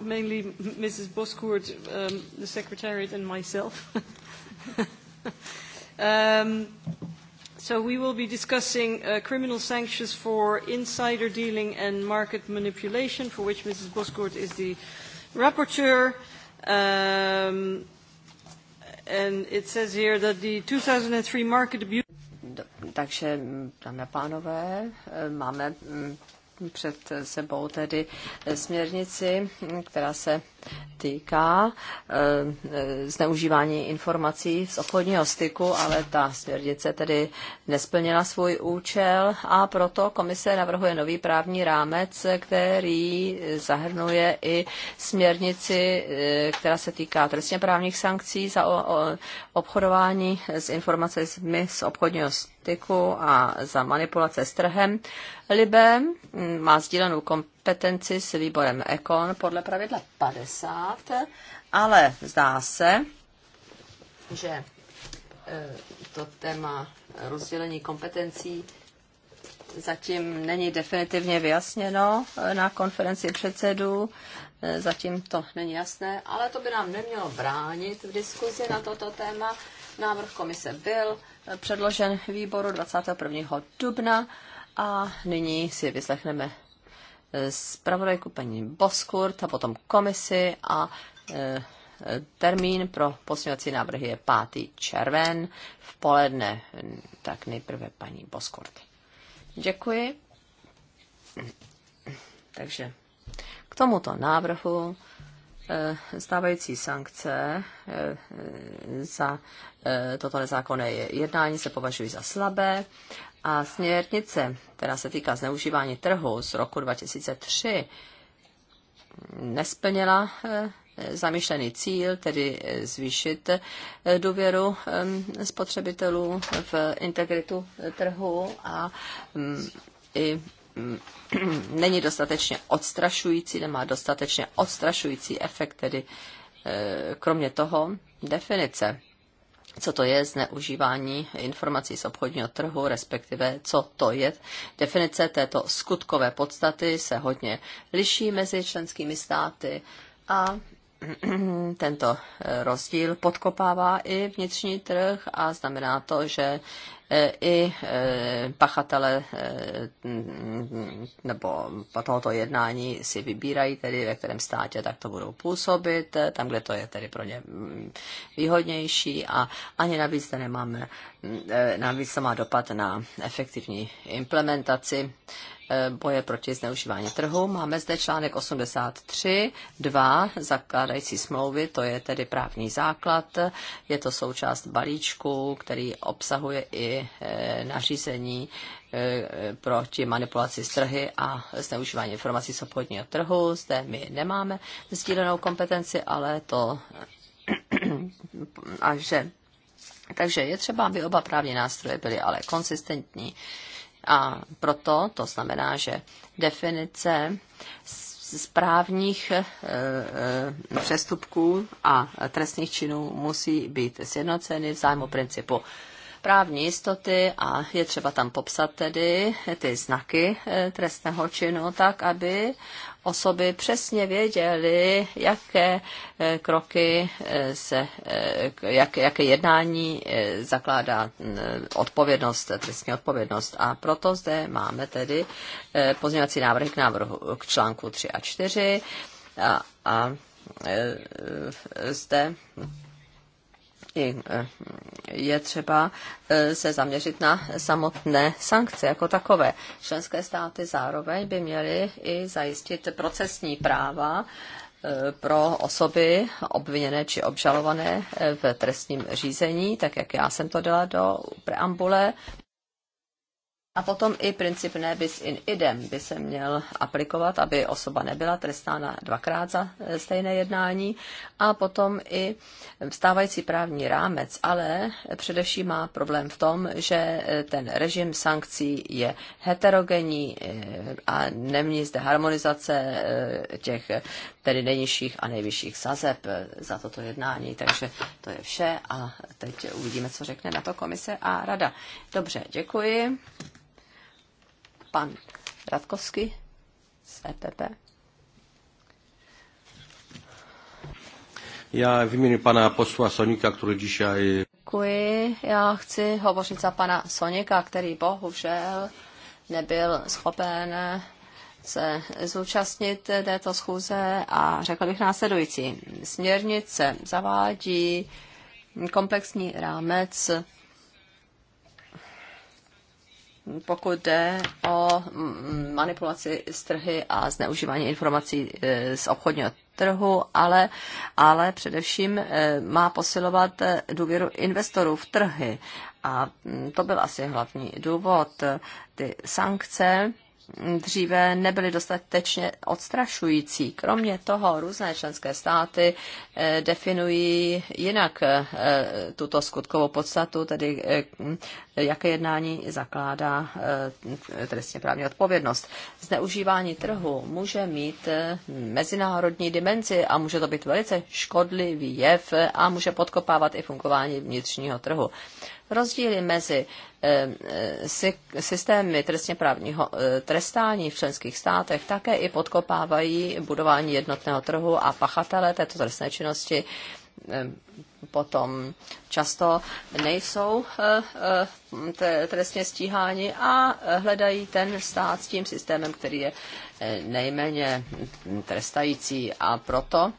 mainly Mrs. Boskoert, um, the Secretariat, and myself. um, so we will be discussing uh, criminal sanctions for insider dealing and market manipulation, for which Mrs. Boskoert is the rapporteur. Um, and it says here that the 2003 market abuse... Takže, dámy a pánové, eh, máme mm, před sebou tedy směrnici, která se týká eh, zneužívání informací z obchodního styku, ale ta směrnice tedy nesplnila svůj účel a proto komise navrhuje nový právní rámec, který zahrnuje i směrnici, eh, která se týká trestně právních sankcí za obchodování s informacemi z obchodního styku a za manipulace s trhem. Libem mm, má sdílenou kompetenci petenci s výborem Ekon podle pravidla 50, ale zdá se, že e, to téma rozdělení kompetencí zatím není definitivně vyjasněno e, na konferenci předsedů, e, zatím to není jasné, ale to by nám nemělo bránit v diskuzi na toto téma. Návrh komise byl předložen výboru 21. dubna a nyní si vyslechneme zpravodajku paní Boskurt a potom komisi a e, termín pro posměvací návrhy je 5. červen v poledne, tak nejprve paní Boskurt. Děkuji. Takže k tomuto návrhu e, stávající sankce e, za toto nezákonné jednání se považují za slabé a směrnice, která se týká zneužívání trhu z roku 2003, nesplněla eh, zamýšlený cíl, tedy eh, zvýšit eh, důvěru spotřebitelů v integritu trhu a mm, i mm, není dostatečně odstrašující, nemá dostatečně odstrašující efekt, tedy kromě toho definice co to je zneužívání informací z obchodního trhu, respektive co to je. Definice této skutkové podstaty se hodně liší mezi členskými státy a tento rozdíl podkopává i vnitřní trh a znamená to, že Eh, i eh, pachatele eh, nebo tohoto jednání si vybírají tedy, ve kterém státě tak to budou působit, tam, kde to je tedy pro ně mm, výhodnější a ani navíc to nemáme, mm, navíc to má dopad na efektivní implementaci boje proti zneužívání trhu. Máme zde článek 83, 2 zakládající smlouvy, to je tedy právní základ, je to součást balíčku, který obsahuje i Eh, nařízení eh, proti manipulaci s trhy a zneužívání informací z obchodního trhu. Zde my nemáme sdílenou kompetenci, ale to a že takže je třeba, aby oba právní nástroje byly ale konsistentní. A proto to znamená, že definice správních eh, přestupků a trestných činů musí být sjednoceny v zájmu principu právní jistoty a je třeba tam popsat tedy ty znaky eh, trestného činu, tak aby osoby přesně věděly, jaké eh, kroky eh, se, jak, jaké jednání zakládá mm, odpovědnost, trestní odpovědnost. A proto zde máme tedy pozměňovací návrh k návrhu k článku 3 a 4. A, a zde E, je třeba e, se zaměřit na samotné sankce jako takové. Členské státy zároveň by měly i zajistit procesní práva e, pro osoby obviněné či obžalované v trestním řízení, tak jak já jsem to dala do preambule. A potom i princip ne bis in idem by se měl aplikovat, aby osoba nebyla trestána dvakrát za eh, stejné jednání. A potom i stávající právní rámec, ale především má problém v tom, že eh, ten režim sankcí je heterogenní eh, a nemní zde harmonizace těch tedy nejnižších a nejvyšších sazeb eh, za toto jednání. Takže to je vše a teď uvidíme, co řekne na to komise a rada. Dobře, děkuji. Pan Radkovský z EPP. Já v pana posla Sonika, který dzisiaj... Děkuji. Já chci hovořit za pana Sonika, který bohužel nebyl schopen se zúčastnit této schůze a řekla bych následující. Směrnice zavádí komplexní rámec, pokud jde o manipulaci z trhy a zneužívání informací eh, z obchodního trhu, ale, ale především eh, má posilovat důvěru investorů v trhy. A mm, to byl asi hlavní důvod. Ty sankce dříve nebyly dostatečně odstrašující. Kromě toho různé členské státy eh, definují jinak eh, tuto skutkovou podstatu, tedy eh, jaké jednání zakládá trestně právní odpovědnost. Zneužívání trhu může mít mezinárodní dimenzi a může to být velice škodlivý jev a může podkopávat i fungování vnitřního trhu. Rozdíly mezi eh, eh, systémy trestně právního eh, trestání v členských státech také i podkopávají budování jednotného trhu a pachatele této trestné činnosti potom často nejsou trestně stíháni a hledají ten stát s tím systémem, který je nejméně trestající a proto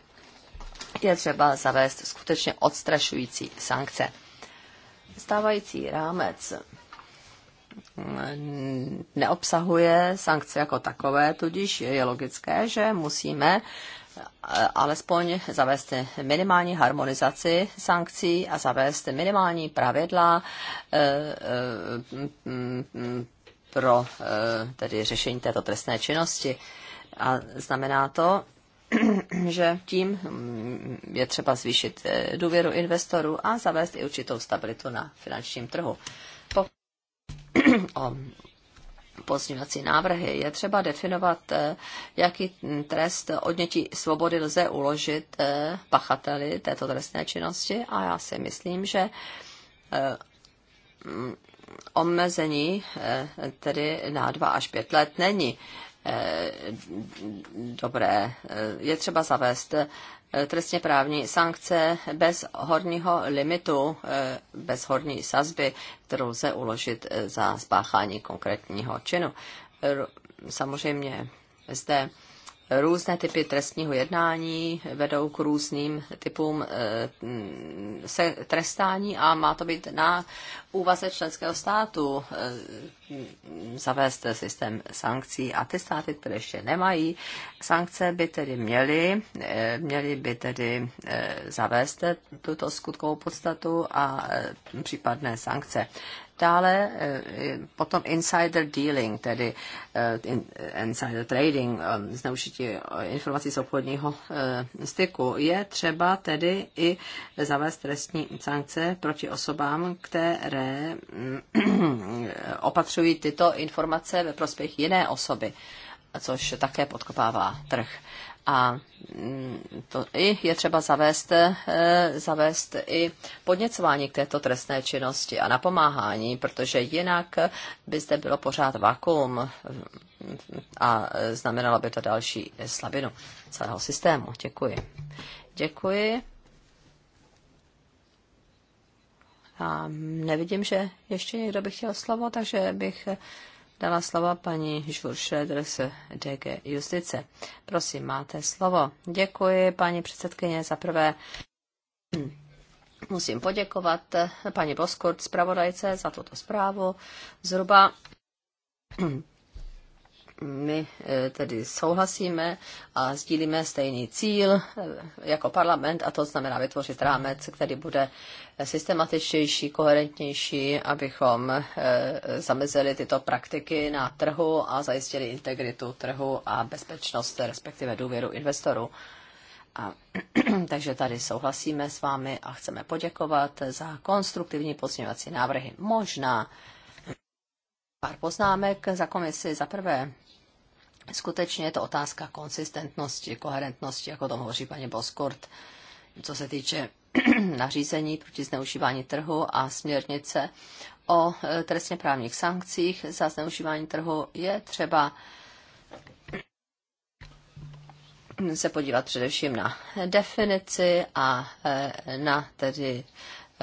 je třeba zavést skutečně odstrašující sankce stávající rámec neobsahuje sankce jako takové, tudíž je logické, že musíme eh, alespoň zavést minimální harmonizaci sankcí a zavést minimální pravidla eh, eh, mm, pro tedy řešení této trestné činnosti. A znamená to, že tím mm, je třeba zvýšit eh, důvěru investorů a zavést i určitou stabilitu na finančním trhu. Po, o pozměňovací návrhy je třeba definovat, eh, jaký trest odnětí svobody lze uložit eh, pachateli této trestné činnosti a já si myslím, že mm, omezení tedy na dva až pět let není Eh, dobré. Eh, je třeba zavést eh, trestně právní sankce bez horního limitu, bez horní sazby, kterou lze uložit za spáchání konkrétního činu. Samozřejmě zde různé typy trestního jednání vedou k různým typům eh, mm, se trestání a má to být na úvaze členského státu eh, zavést systém sankcí a ty státy, které ještě nemají sankce, by tedy měly, eh, měly by tedy zavést tuto skutkovou podstatu a případné sankce. Dále eh, eh, potom insider dealing, tedy eh, insider trading, zneužití informací z obchodního styku. Je třeba tedy i zavést trestní sankce proti osobám, které mm, opatřují tyto informace ve prospěch jiné osoby, což také podkopává trh. A mm, to i je třeba zavést, eh, zavést i podněcování k této trestné činnosti a napomáhání, protože jinak by zde bylo pořád vakuum mm, a znamenalo by to další slabinu celého systému. Děkuji. Děkuji. A nevidím, že ještě někdo by chtěl slovo, takže bych dala slovo paní Žuršredr z DG Justice. Prosím, máte slovo. Děkuji, paní předsedkyně, za prvé. Musím poděkovat eh, paní Boskurt, zpravodajce, za tuto zprávu. Zhruba hm, my eh, tedy souhlasíme a sdílíme stejný cíl eh, jako parlament, a to znamená vytvořit rámec, který bude systematičtější, koherentnější, abychom eh, zamezili tyto praktiky na trhu a zajistili integritu trhu a bezpečnost, respektive důvěru investorů. A, takže tady souhlasíme s vámi a chceme poděkovat za konstruktivní pozměňovací návrhy. Možná pár poznámek za komisi. Za prvé, Skutečně je to otázka konsistentnosti, koherentnosti, jako tom hovoří paní Boskort, co se týče nařízení proti zneužívání trhu a směrnice o e, trestně právních sankcích za zneužívání trhu je třeba se podívat především na definici a e, na tedy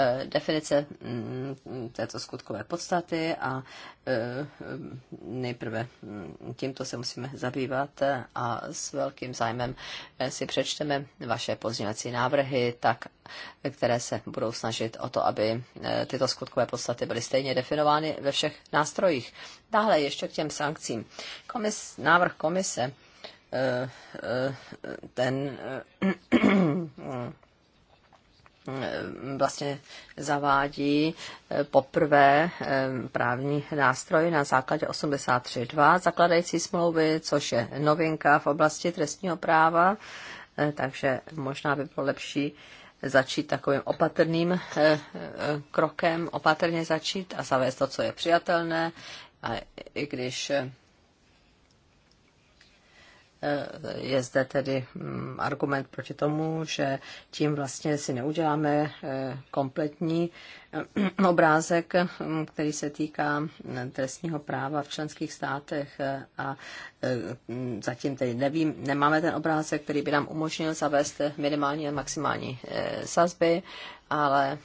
Eh, definice mm, této skutkové podstaty a eh, mm, nejprve mm, tímto se musíme zabývat a s velkým zájmem eh, si přečteme vaše pozměňovací návrhy, tak, které se budou snažit o to, aby tyto skutkové podstaty byly stejně definovány ve všech nástrojích. Dále ještě k těm sankcím. Komis, návrh komise ten Mm, vlastně zavádí eh, poprvé eh, právní nástroj na základě 83.2 zakladající smlouvy, což je novinka v oblasti trestního práva, eh, takže možná by bylo lepší začít takovým opatrným krokem, opatrně začít a zavést to, co je přijatelné, a i když Eh, je zde tedy mm, argument proti tomu, že tím vlastně si neuděláme eh, kompletní eh, obrázek, mm, který se týká mm, trestního práva v členských státech a zatím tedy nevím, nemáme ten obrázek, který by nám umožnil zavést minimální a maximální sazby, ale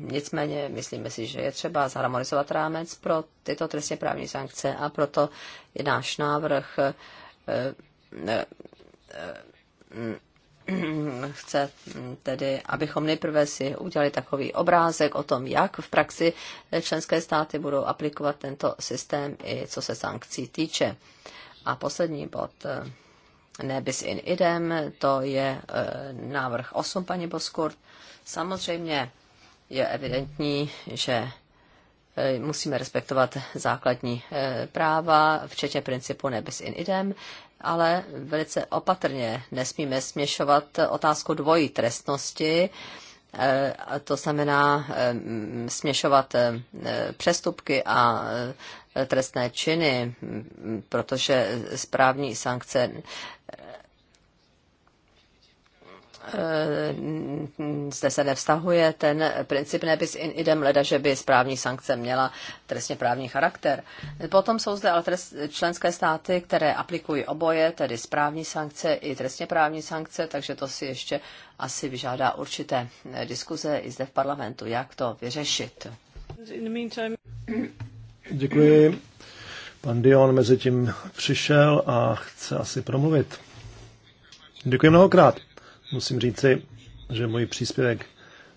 nicméně myslíme si, že je třeba zharmonizovat rámec pro tyto trestně právní sankce a proto je náš návrh chce tedy, abychom nejprve si udělali takový obrázek o tom, jak v praxi členské státy budou aplikovat tento systém i co se sankcí týče. A poslední bod nebys in idem, to je eh, návrh 8, paní Boskurt. Samozřejmě je evidentní, že Eh, musíme respektovat základní eh, práva, včetně principu nebes in idem, ale velice opatrně nesmíme směšovat otázku dvojí trestnosti, eh, to znamená směšovat přestupky a trestné činy, protože správní sankce Eh, zde se nevztahuje ten princip nebis in idem leda, že by správní sankce měla trestně právní charakter. Potom jsou zde ale trest, členské státy, které aplikují oboje, tedy správní sankce i trestně právní sankce, takže to si ještě asi vyžádá určité eh, diskuze i zde v parlamentu, jak to vyřešit. Děkuji. Pan Dion mezi tím přišel a chce asi promluvit. Děkuji mnohokrát musím říci, že můj příspěvek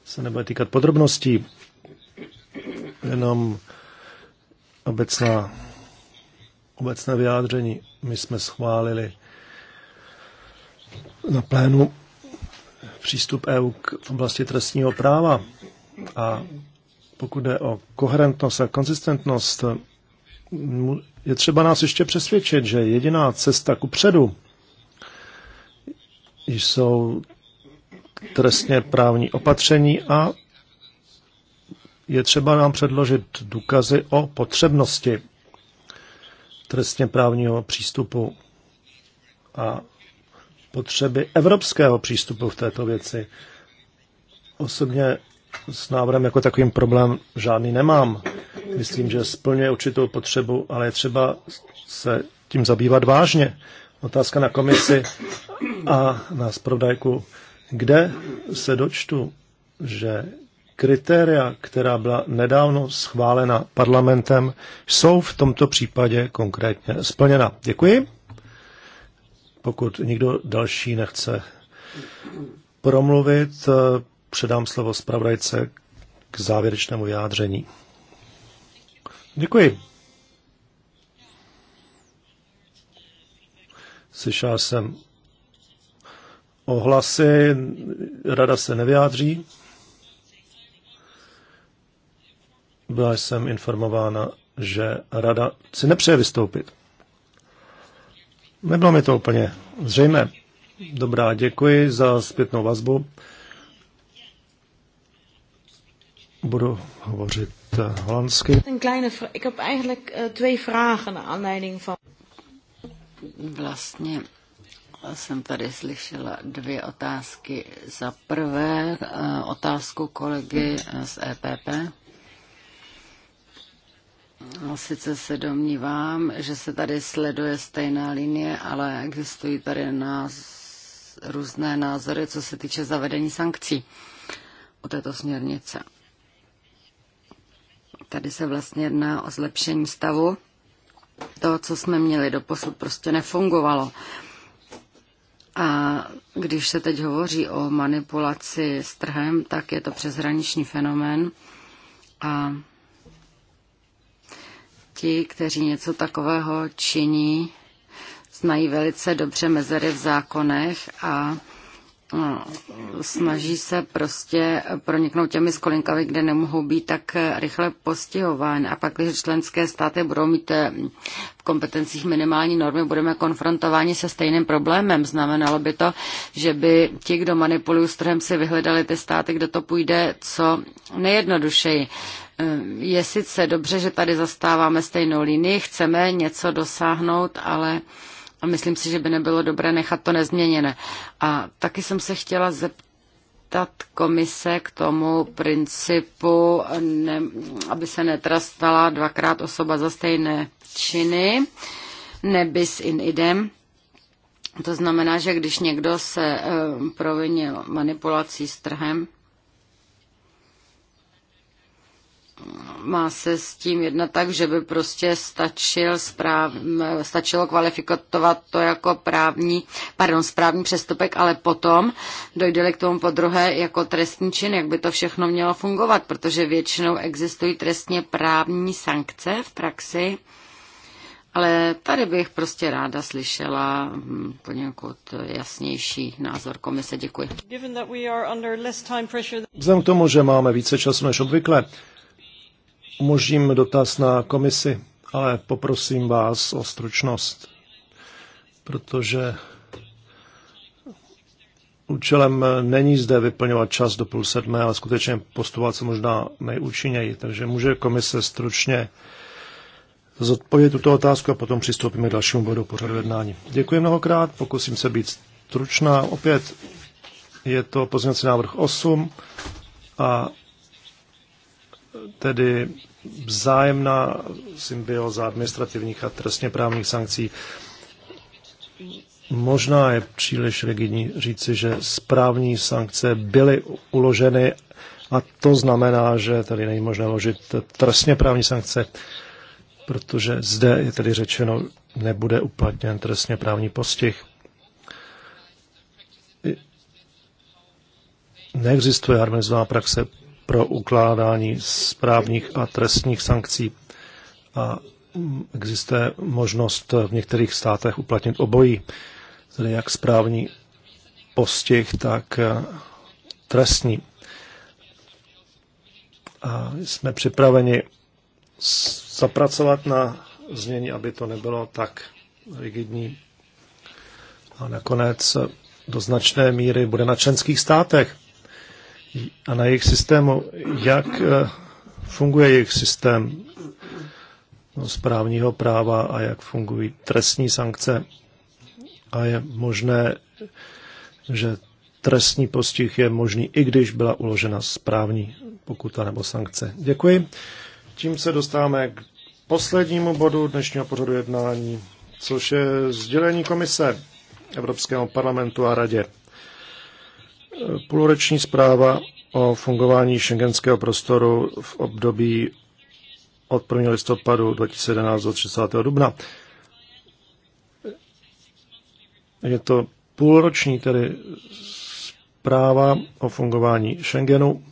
se nebude týkat podrobností, jenom obecná, obecné vyjádření. My jsme schválili na plénu přístup EU k, v oblasti trestního práva a pokud jde o koherentnost a konzistentnost, je třeba nás ještě přesvědčit, že jediná cesta ku předu jsou trestně právní opatření a je třeba nám předložit důkazy o potřebnosti trestně právního přístupu a potřeby evropského přístupu v této věci. Osobně s návrhem jako takovým problém žádný nemám. Myslím, že splňuje určitou potřebu, ale je třeba se tím zabývat vážně otázka na komisi a na zpravodajku, kde se dočtu, že kritéria, která byla nedávno schválena parlamentem, jsou v tomto případě konkrétně splněna. Děkuji. Pokud nikdo další nechce promluvit, předám slovo zpravodajce k závěrečnému vyjádření. Děkuji. Slyšel jsem ohlasy, rada se nevyjádří. Byla jsem informována, že rada si nepřeje vystoupit. Nebylo mi to úplně zřejmé. Dobrá, děkuji za zpětnou vazbu. Budu hovořit holandsky. Vlastně jsem tady slyšela dvě otázky. Za prvé eh, otázku kolegy z EPP. Sice se domnívám, že se tady sleduje stejná linie, ale existují tady nás různé názory, co se týče zavedení sankcí u této směrnice. Tady se vlastně jedná o zlepšení stavu to, co jsme měli doposud, prostě nefungovalo. A když se teď hovoří o manipulaci s trhem, tak je to přeshraniční fenomén. A ti, kteří něco takového činí, znají velice dobře mezery v zákonech a No, snaží se prostě proniknout těmi skolinkami, kde nemohou být tak rychle postihovány. A pak, když členské státy budou mít eh, v kompetencích minimální normy, budeme konfrontováni se stejným problémem. Znamenalo by to, že by ti, kdo manipulují s trhem, si vyhledali ty státy, kde to půjde co nejjednodušeji. Eh, je sice dobře, že tady zastáváme stejnou linii, chceme něco dosáhnout, ale a myslím si, že by nebylo dobré nechat to nezměněné. A taky jsem se chtěla zeptat komise k tomu principu, ne, aby se netrastala dvakrát osoba za stejné činy, nebis in idem. To znamená, že když někdo se e, provinil manipulací s trhem, má se s tím jednat tak, že by prostě stačil správ, stačilo kvalifikovat to jako právní, pardon, správní přestupek, ale potom dojde k tomu po druhé jako trestní čin, jak by to všechno mělo fungovat, protože většinou existují trestně právní sankce v praxi, ale tady bych prostě ráda slyšela hm, poněkud jasnější názor komise. Děkuji. Vzhledem k tomu, že máme více času než obvykle, umožním dotaz na komisi, ale poprosím vás o stručnost, protože účelem není zde vyplňovat čas do půl sedmé, ale skutečně postupovat se možná nejúčinněji. Takže může komise stručně zodpovědět tuto otázku a potom přistoupíme k dalšímu bodu pořadu jednání. Děkuji mnohokrát, pokusím se být stručná. Opět je to pozměňovací návrh 8 a tedy vzájemná symbioza administrativních a trestně právních sankcí. Možná je příliš rigidní říci, že správní sankce byly uloženy a to znamená, že tady není možné ložit trestně právní sankce, protože zde je tedy řečeno, nebude uplatněn trestně právní postih. Neexistuje harmonizovaná praxe pro ukládání správních a trestních sankcí. A existuje možnost v některých státech uplatnit obojí, tedy jak správní postih, tak eh, trestní. A jsme připraveni zapracovat na změní, aby to nebylo tak rigidní. A nakonec do značné míry bude na členských státech, a na jejich systému. Jak eh, funguje jejich systém no, správního práva a jak fungují trestní sankce? A je možné, že trestní postih je možný, i když byla uložena správní pokuta nebo sankce. Děkuji. Tím se dostáváme k poslednímu bodu dnešního pořadu jednání, což je sdělení komise Evropského parlamentu a radě půlroční zpráva o fungování šengenského prostoru v období od 1. listopadu 2011 do 30. dubna. Je to půlroční tedy zpráva o fungování Schengenu.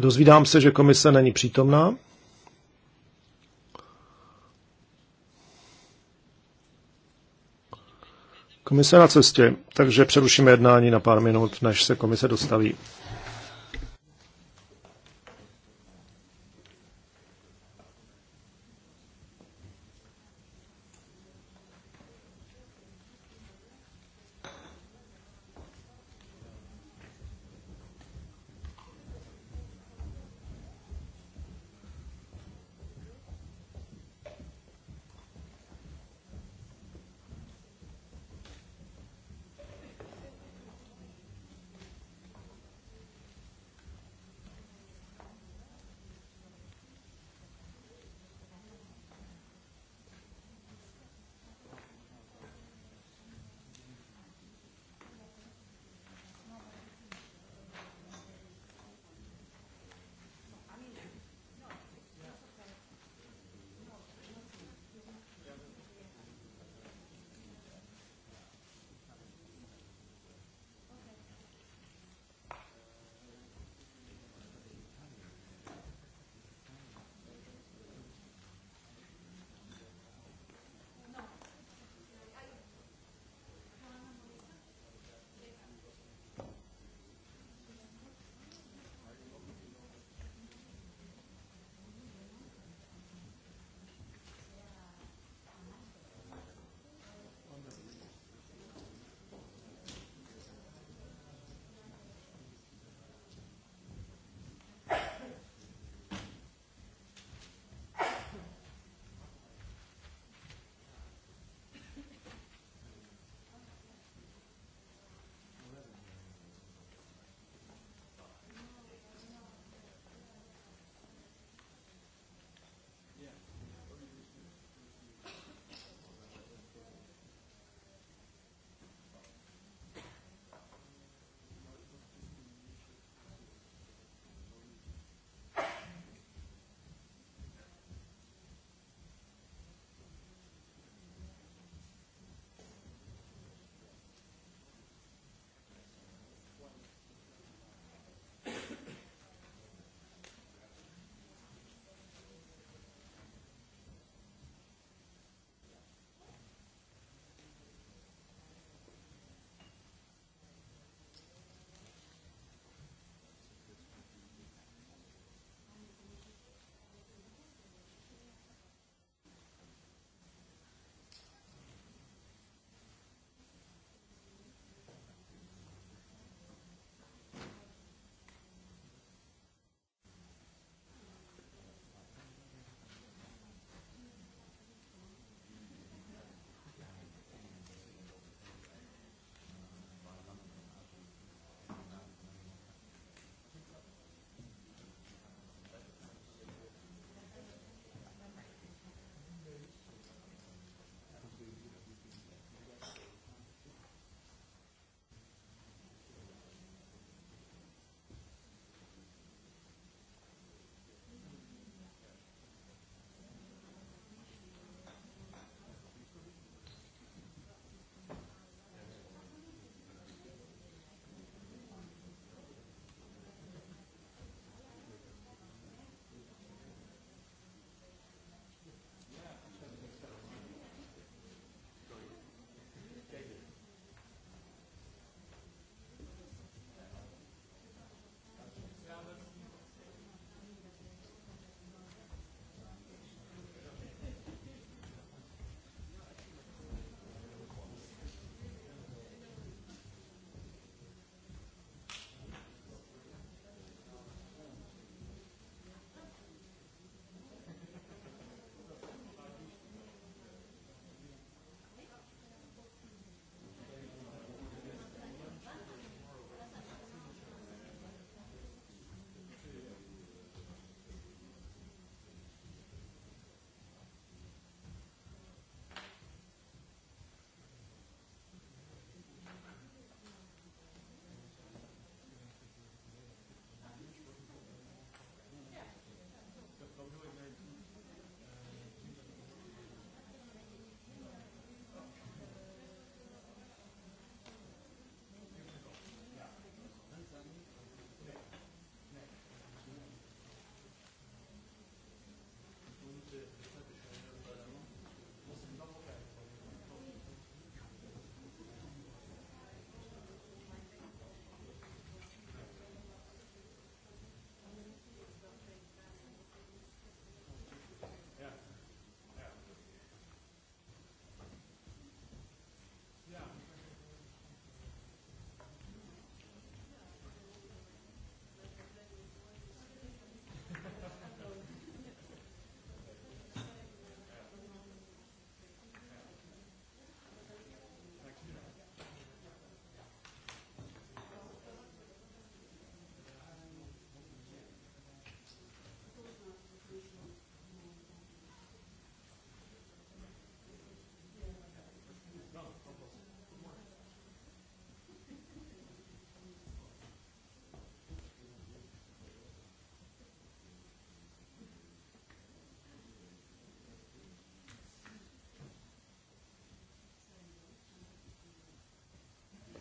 Dozvídám se, že komise není přítomná. Komise na cestě, takže přerušíme jednání na pár minut, než se komise dostaví.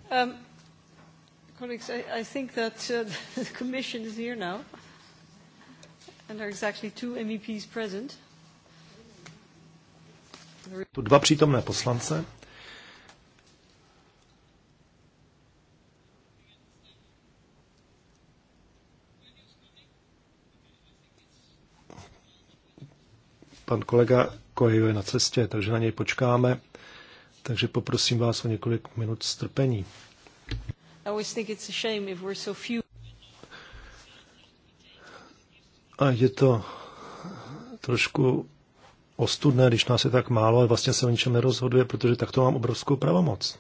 Um, colleagues, I, I think that uh, the Commission is here now, and there are exactly two MEPs present. Tu dva přítomné poslance. Pan kolega Kojo je na cestě, takže na něj počkáme takže poprosím vás o několik minut strpení. A je to trošku ostudné, když nás je tak málo a vlastně se o ničem nerozhoduje, protože tak to mám obrovskou pravomoc.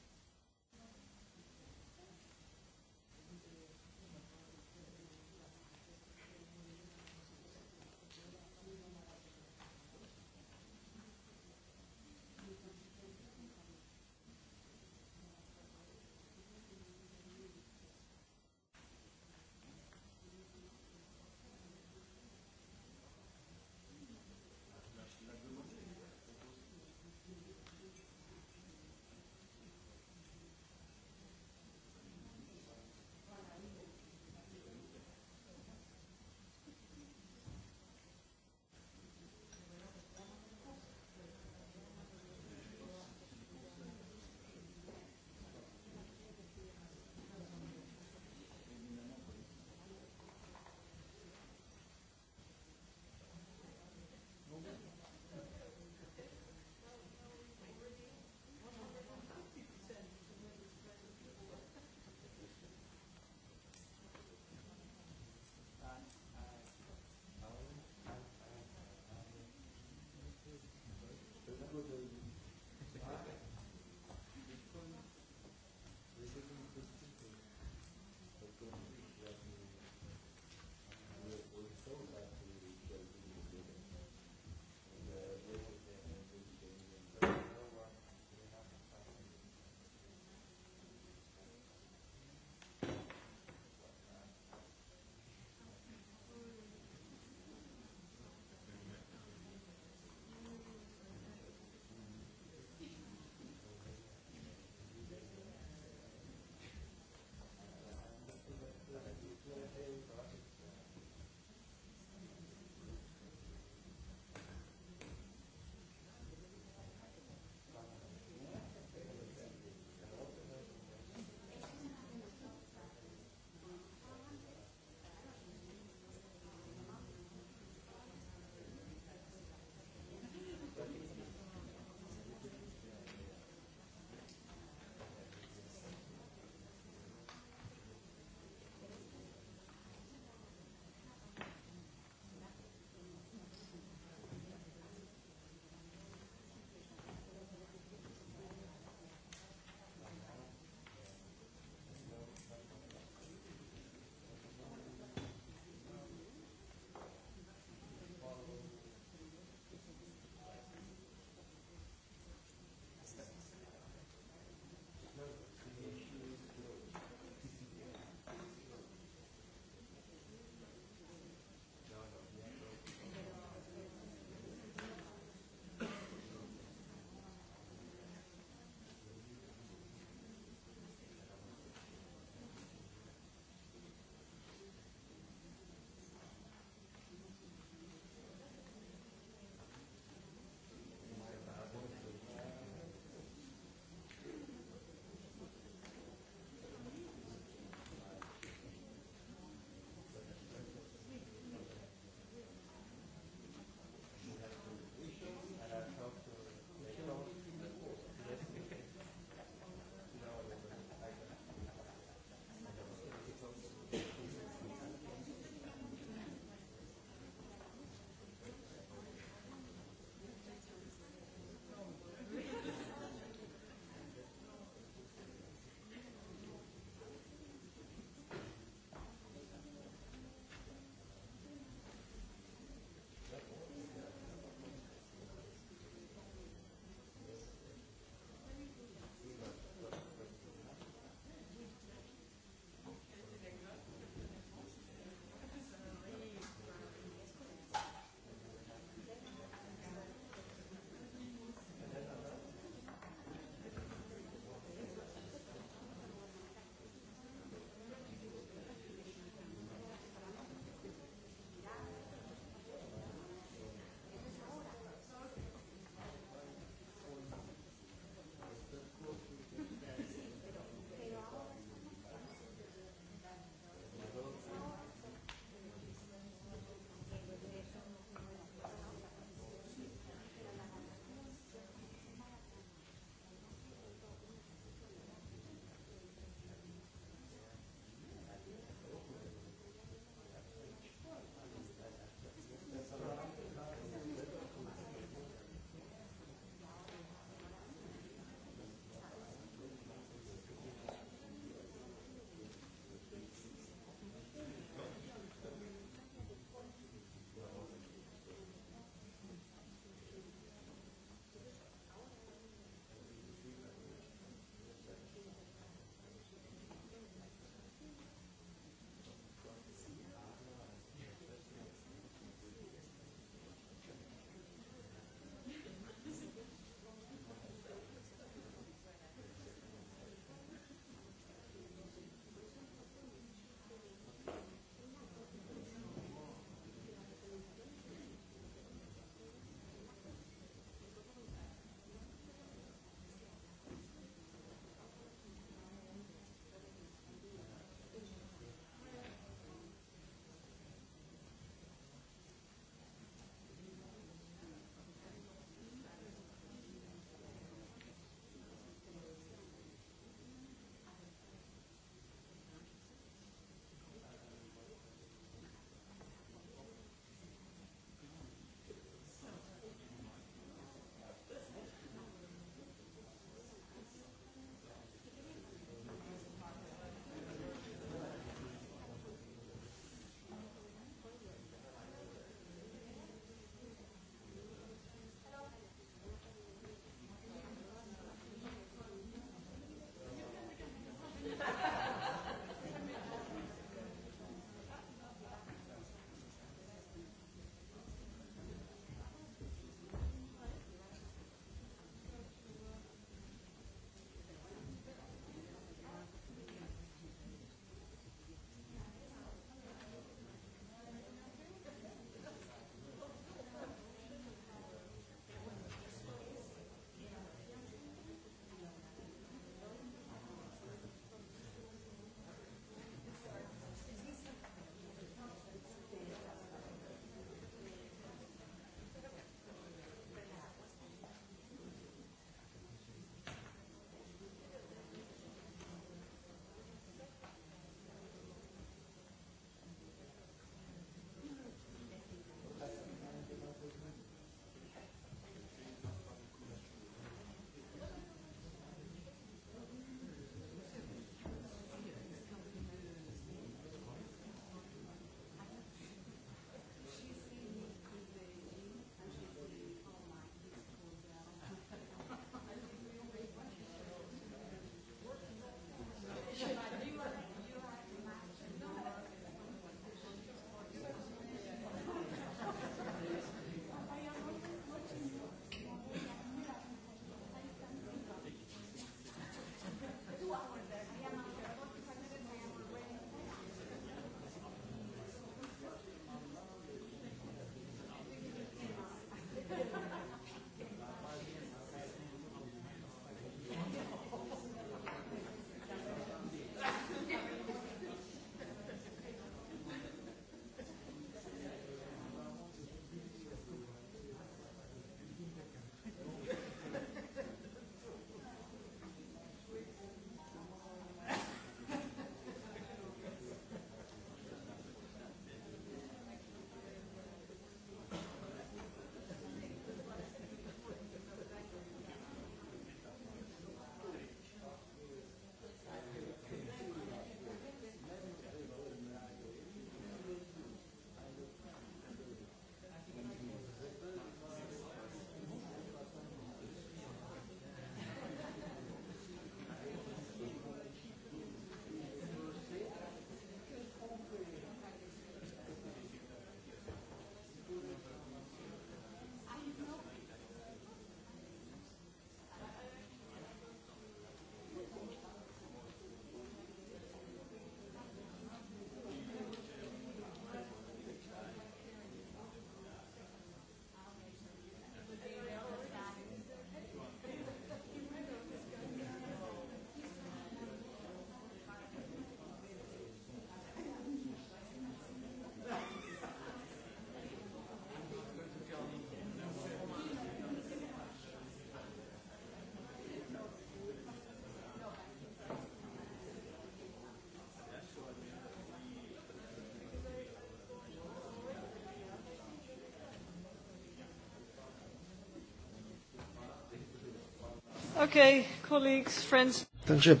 Okay, colleagues, friends. Takže,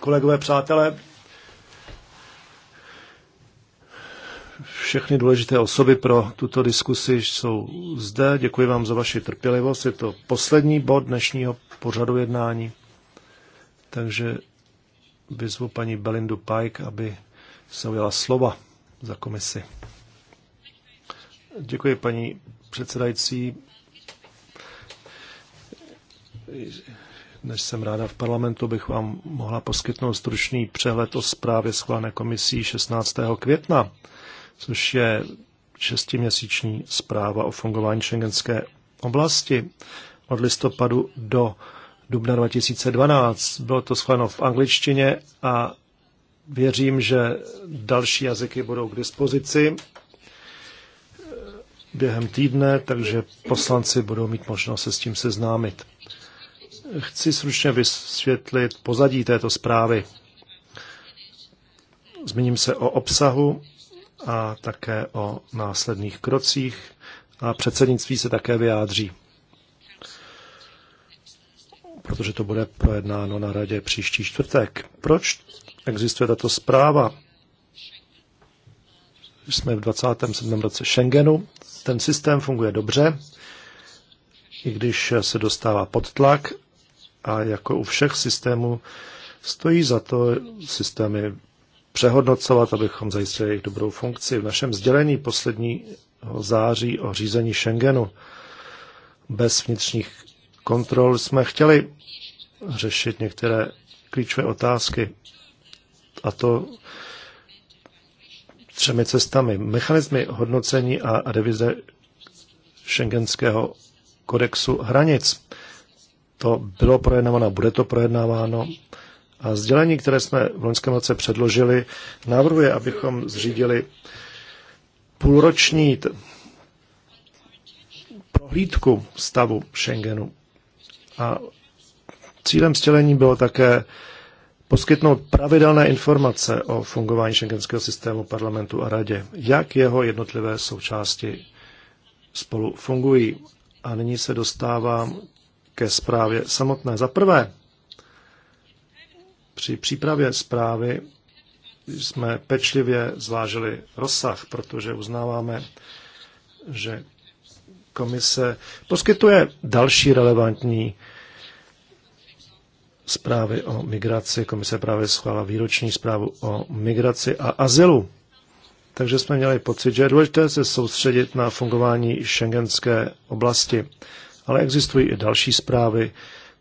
kolegové, přátelé, všechny důležité osoby pro tuto diskusi jsou zde. Děkuji vám za vaši trpělivost. Je to poslední bod dnešního pořadu jednání. Takže vyzvu paní Belindu Pike, aby se ujala slova za komisi. Děkuji, paní předsedající než jsem ráda v parlamentu, bych vám mohla poskytnout stručný přehled o zprávě schválené komisí 16. května, což je šestiměsíční zpráva o fungování šengenské oblasti od listopadu do dubna 2012. Bylo to schváleno v angličtině a věřím, že další jazyky budou k dispozici během týdne, takže poslanci budou mít možnost se s tím seznámit. Chci stručně vysvětlit pozadí této zprávy. Zmíním se o obsahu a také o následných krocích a předsednictví se také vyjádří, protože to bude projednáno na radě příští čtvrtek. Proč existuje tato zpráva? Jsme v 27. roce Schengenu. Ten systém funguje dobře, i když se dostává pod tlak a jako u všech systémů stojí za to systémy přehodnocovat, abychom zajistili jejich dobrou funkci. V našem sdělení poslední září o řízení Schengenu bez vnitřních kontrol jsme chtěli řešit některé klíčové otázky. A to třemi cestami. Mechanizmy hodnocení a revize šengenského kodexu hranic to bylo projednáváno, bude to projednáváno. A sdělení, které jsme v loňském roce předložili, navrhuje, abychom zřídili půlroční prohlídku stavu Schengenu. A cílem sdělení bylo také poskytnout pravidelné informace o fungování šengenského systému parlamentu a radě, jak jeho jednotlivé součásti spolu fungují. A nyní se dostávám ke zprávě samotné. Za prvé, při přípravě zprávy jsme pečlivě zvážili rozsah, protože uznáváme, že komise poskytuje další relevantní zprávy o migraci. Komise právě schválila výroční zprávu o migraci a azylu. Takže jsme měli pocit, že je důležité se soustředit na fungování šengenské oblasti ale existují i další zprávy,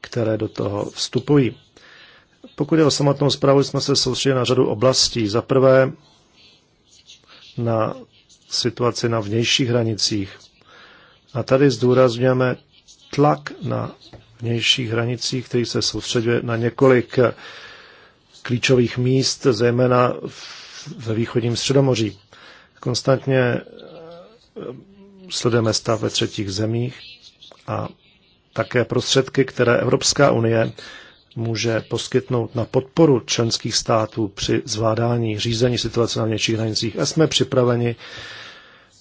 které do toho vstupují. Pokud je o samotnou zprávu, jsme se soustředili na řadu oblastí. Za prvé na situaci na vnějších hranicích. A tady zdůrazňujeme tlak na vnějších hranicích, který se soustředuje na několik klíčových míst, zejména ve východním středomoří. Konstantně sledujeme stav ve třetích zemích, a také prostředky, které Evropská unie může poskytnout na podporu členských států při zvládání řízení situace na vnějších hranicích. A jsme připraveni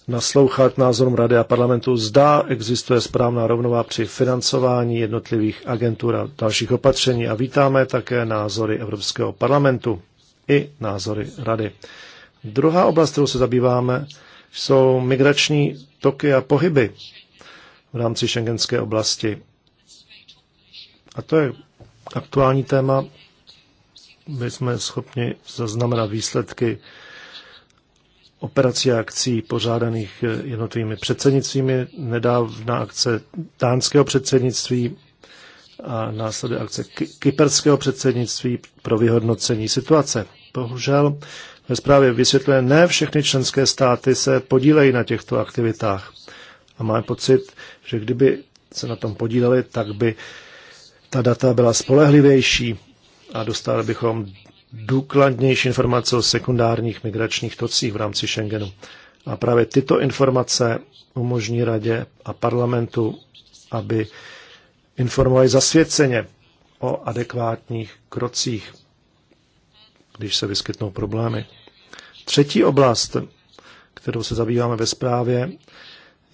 naslouchat názorům Rady a parlamentu, zda existuje správná rovnová při financování jednotlivých agentur a dalších opatření a vítáme také názory Evropského parlamentu i názory Rady. Druhá oblast, kterou se zabýváme, jsou migrační toky a pohyby v rámci šengenské oblasti. A to je aktuální téma. My jsme schopni zaznamenat výsledky operací a akcí pořádaných eh, jednotlivými předsednictvími. Nedávna akce dánského předsednictví a následuje akce kyperského předsednictví pro vyhodnocení situace. Bohužel ve zprávě vysvětluje, ne všechny členské státy se podílejí na těchto aktivitách. A máme pocit, že kdyby se na tom podíleli, tak by ta data byla spolehlivější a dostali bychom důkladnější informace o sekundárních migračních tocích v rámci Schengenu. A právě tyto informace umožní radě a parlamentu, aby informovali zasvěceně o adekvátních krocích, když se vyskytnou problémy. Třetí oblast, kterou se zabýváme ve zprávě,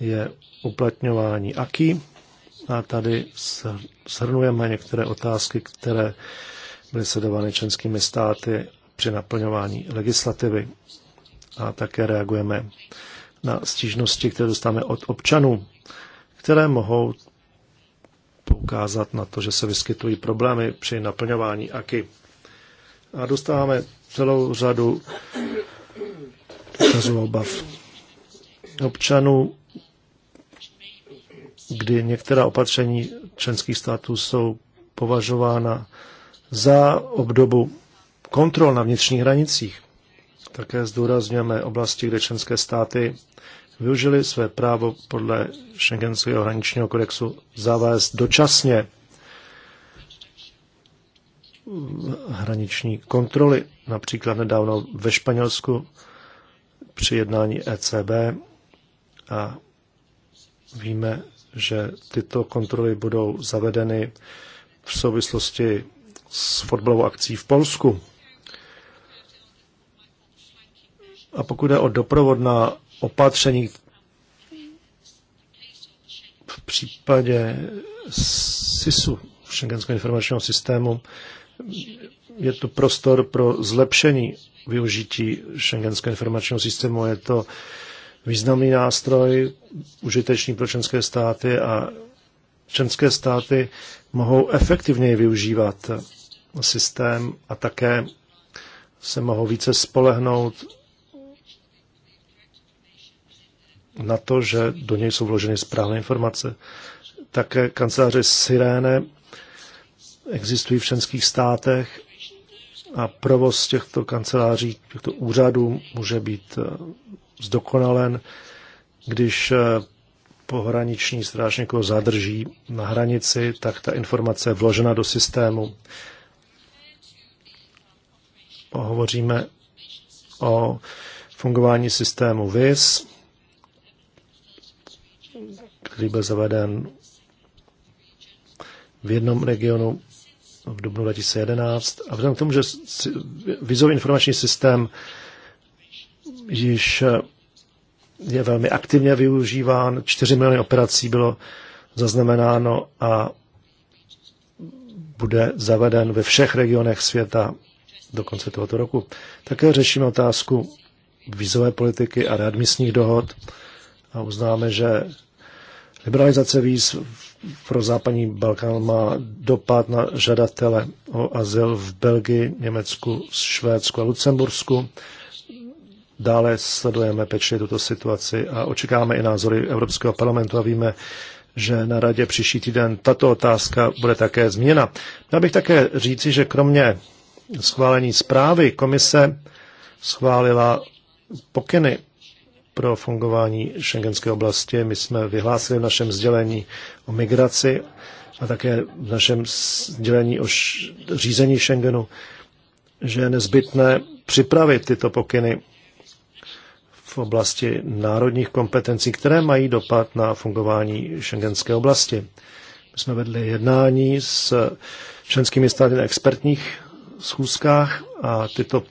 je uplatňování AKI. A tady shrnujeme některé otázky, které byly sledovány členskými státy při naplňování legislativy. A také reagujeme na stížnosti, které dostáváme od občanů, které mohou poukázat na to, že se vyskytují problémy při naplňování AKI. A dostáváme celou řadu obav občanů kdy některá opatření členských států jsou považována za obdobu kontrol na vnitřních hranicích. Také zdůrazňujeme oblasti, kde členské státy využili své právo podle Schengenského hraničního kodexu zavést dočasně hraniční kontroly. Například nedávno ve Španělsku při jednání ECB a víme, že tyto kontroly budou zavedeny v souvislosti s fotbalovou akcí v Polsku. A pokud je o doprovodná opatření v případě SISu, Schengenského informačního systému, je tu prostor pro zlepšení využití Schengenského informačního systému. Je to významný nástroj, užitečný pro členské státy a členské státy mohou efektivněji využívat systém a také se mohou více spolehnout na to, že do něj jsou vloženy správné informace. Také kanceláře Sirene existují v členských státech a provoz těchto kanceláří, těchto úřadů může být zdokonalen, když eh, pohraniční stráž někoho zadrží na hranici, tak ta informace je vložena do systému. Hovoříme o fungování systému VIS, který byl zaveden v jednom regionu v dubnu 2011. A vzhledem k tomu, že vizový informační systém již eh, je velmi aktivně využíván. 4 miliony operací bylo zaznamenáno a bude zaveden ve všech regionech světa do konce tohoto roku. Také řešíme otázku vízové politiky a readmisních dohod a uznáme, že liberalizace víz pro západní Balkán má dopad na žadatele o azyl v Belgii, Německu, Švédsku a Lucembursku. Dále sledujeme pečlivě tuto situaci a očekáváme i názory Evropského parlamentu a víme, že na radě příští týden tato otázka bude také změna. Já bych také říci, že kromě schválení zprávy komise schválila pokyny pro fungování šengenské oblasti. My jsme vyhlásili v našem sdělení o migraci a také v našem sdělení o řízení Schengenu, že je nezbytné připravit tyto pokyny v oblasti národních kompetencí, které mají dopad na fungování šengenské oblasti. My jsme vedli jednání s členskými státy na expertních schůzkách a tyto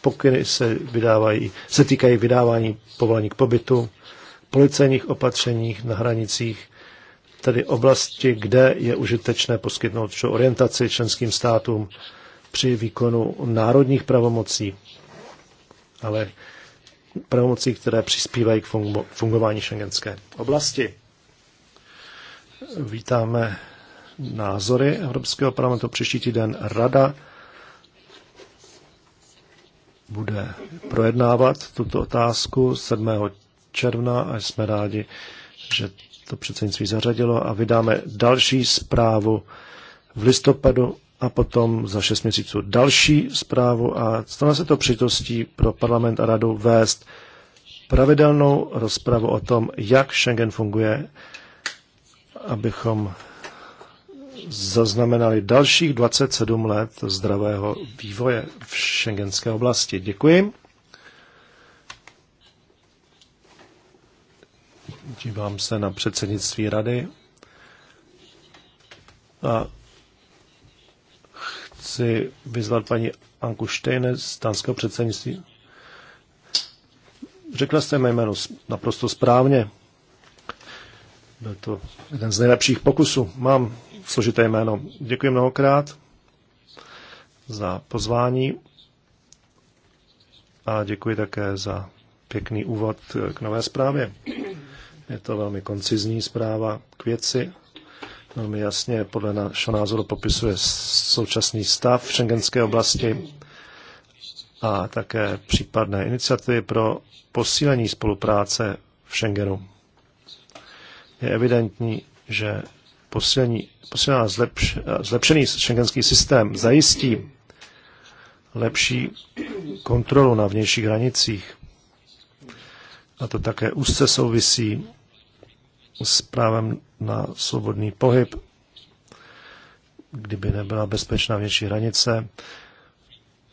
pokyny se, vydávají, se týkají vydávání povolení k pobytu, policejních opatřeních na hranicích, tedy oblasti, kde je užitečné poskytnout orientaci členským státům při výkonu národních pravomocí. Ale pravomocí, které přispívají k fungování šengenské oblasti. Vítáme názory Evropského parlamentu. Příští týden Rada bude projednávat tuto otázku 7. června a jsme rádi, že to předsednictví zařadilo a vydáme další zprávu v listopadu a potom za šest měsíců další zprávu a stane se to přitostí pro parlament a radu vést pravidelnou rozpravu o tom, jak Schengen funguje, abychom zaznamenali dalších 27 let zdravého vývoje v šengenské oblasti. Děkuji. Dívám se na předsednictví rady. A chci vyzvat paní Anku Štejne z dánského předsednictví. Řekla jste mé jméno naprosto správně. Byl to jeden z nejlepších pokusů. Mám složité jméno. Děkuji mnohokrát za pozvání a děkuji také za pěkný úvod k nové zprávě. Je to velmi koncizní zpráva k věci velmi jasně podle našeho názoru popisuje současný stav v šengenské oblasti a také případné iniciativy pro posílení spolupráce v Schengenu. Je evidentní, že posílení, zlepš, zlepšený šengenský systém zajistí lepší kontrolu na vnějších hranicích. A to také úzce souvisí s právem na svobodný pohyb, kdyby nebyla bezpečná větší hranice,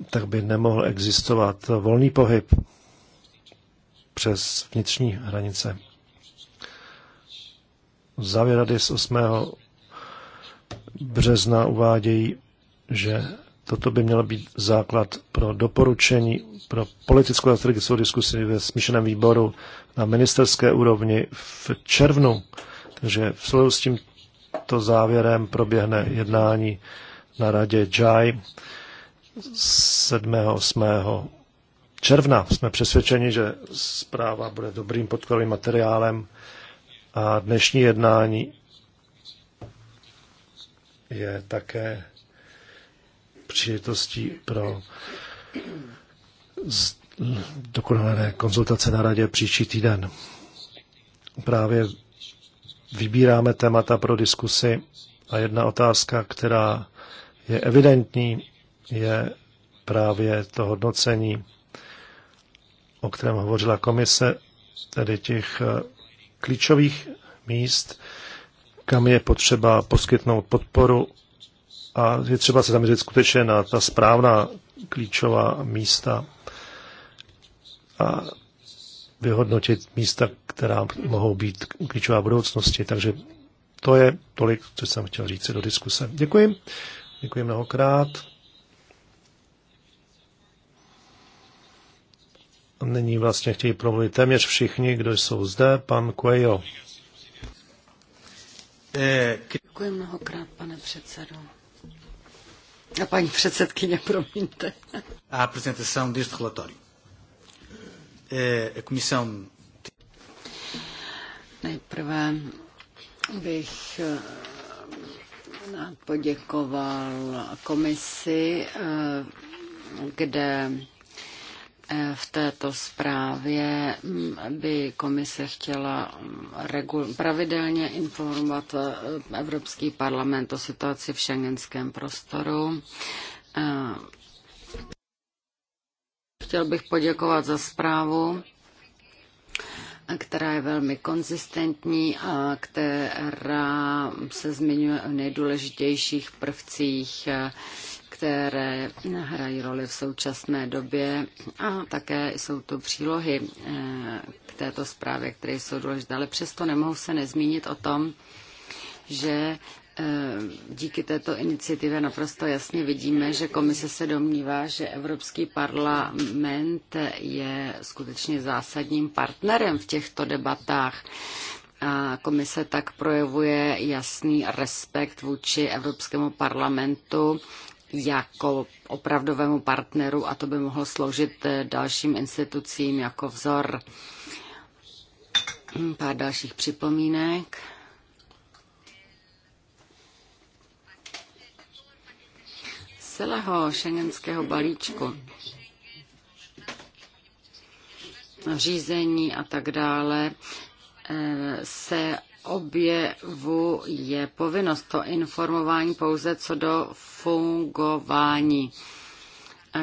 tak by nemohl existovat volný pohyb přes vnitřní hranice. Závěr rady z 8. března uvádějí, že Toto by mělo být základ pro doporučení pro politickou a strategickou diskusi ve smíšeném výboru na ministerské úrovni v červnu. Takže v souladu s tímto závěrem proběhne jednání na radě JAI 7. 8. června. Jsme přesvědčeni, že zpráva bude dobrým podkladovým materiálem a dnešní jednání je také příležitostí pro dokonalé konzultace na radě příští týden. Právě vybíráme témata pro diskusy a jedna otázka, která je evidentní, je právě to hodnocení, o kterém hovořila komise, tedy těch eh, klíčových míst, kam je potřeba poskytnout podporu a je třeba se zaměřit skutečně na ta správná klíčová místa a vyhodnotit místa, která mohou být klíčová v budoucnosti. Takže to je tolik, co jsem chtěl říct do diskuse. Děkuji. Děkuji mnohokrát. Nyní vlastně chtějí promluvit téměř všichni, kdo jsou zde. Pan Kuejo. Eh, Děkuji mnohokrát, pane předsedo. A paní předsedkyně, promiňte. A apresentação deste relatório. A comissão... Nejprve bych eh, poděkoval komisi, eh, kde v této zprávě by komise chtěla pravidelně informovat eh, Evropský parlament o situaci v šengenském prostoru. Eh, chtěl bych poděkovat za zprávu která je velmi konzistentní a která se zmiňuje o nejdůležitějších prvcích eh, které hrají roli v současné době a také jsou to přílohy eh, k této zprávě, které jsou důležité, ale přesto nemohu se nezmínit o tom, že eh, díky této iniciativě naprosto jasně vidíme, že komise se domnívá, že Evropský parlament je skutečně zásadním partnerem v těchto debatách. A komise tak projevuje jasný respekt vůči Evropskému parlamentu jako opravdovému partneru a to by mohlo sloužit eh, dalším institucím jako vzor. Hm, pár dalších připomínek. Z celého šengenského balíčku řízení a tak dále eh, se objevu je povinnost to informování pouze co do fungování.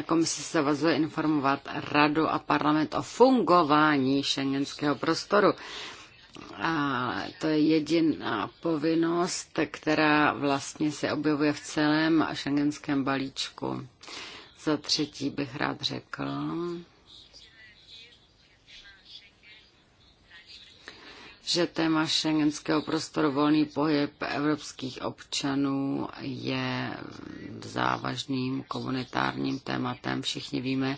Komise se vazuje informovat radu a parlament o fungování šengenského prostoru. A to je jediná povinnost, která vlastně se objevuje v celém šengenském balíčku. Za třetí bych rád řekl, že téma šengenského prostoru volný pohyb evropských občanů je závažným komunitárním tématem. Všichni víme,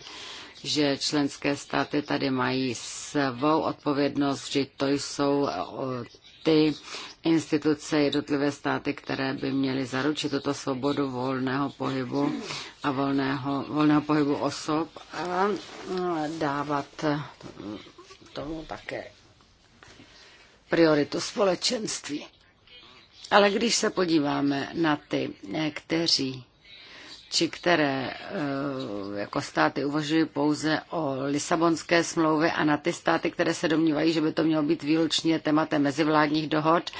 že členské státy tady mají svou odpovědnost, že to jsou eh, ty instituce, jednotlivé státy, které by měly zaručit tuto svobodu volného pohybu a volného, volného pohybu osob a eh, dávat eh, tomu také prioritu společenství. Ale když se podíváme na ty, eh, kteří či které eh, jako státy uvažují pouze o Lisabonské smlouvy a na ty státy, které se domnívají, že by to mělo být výlučně tématem mezivládních dohod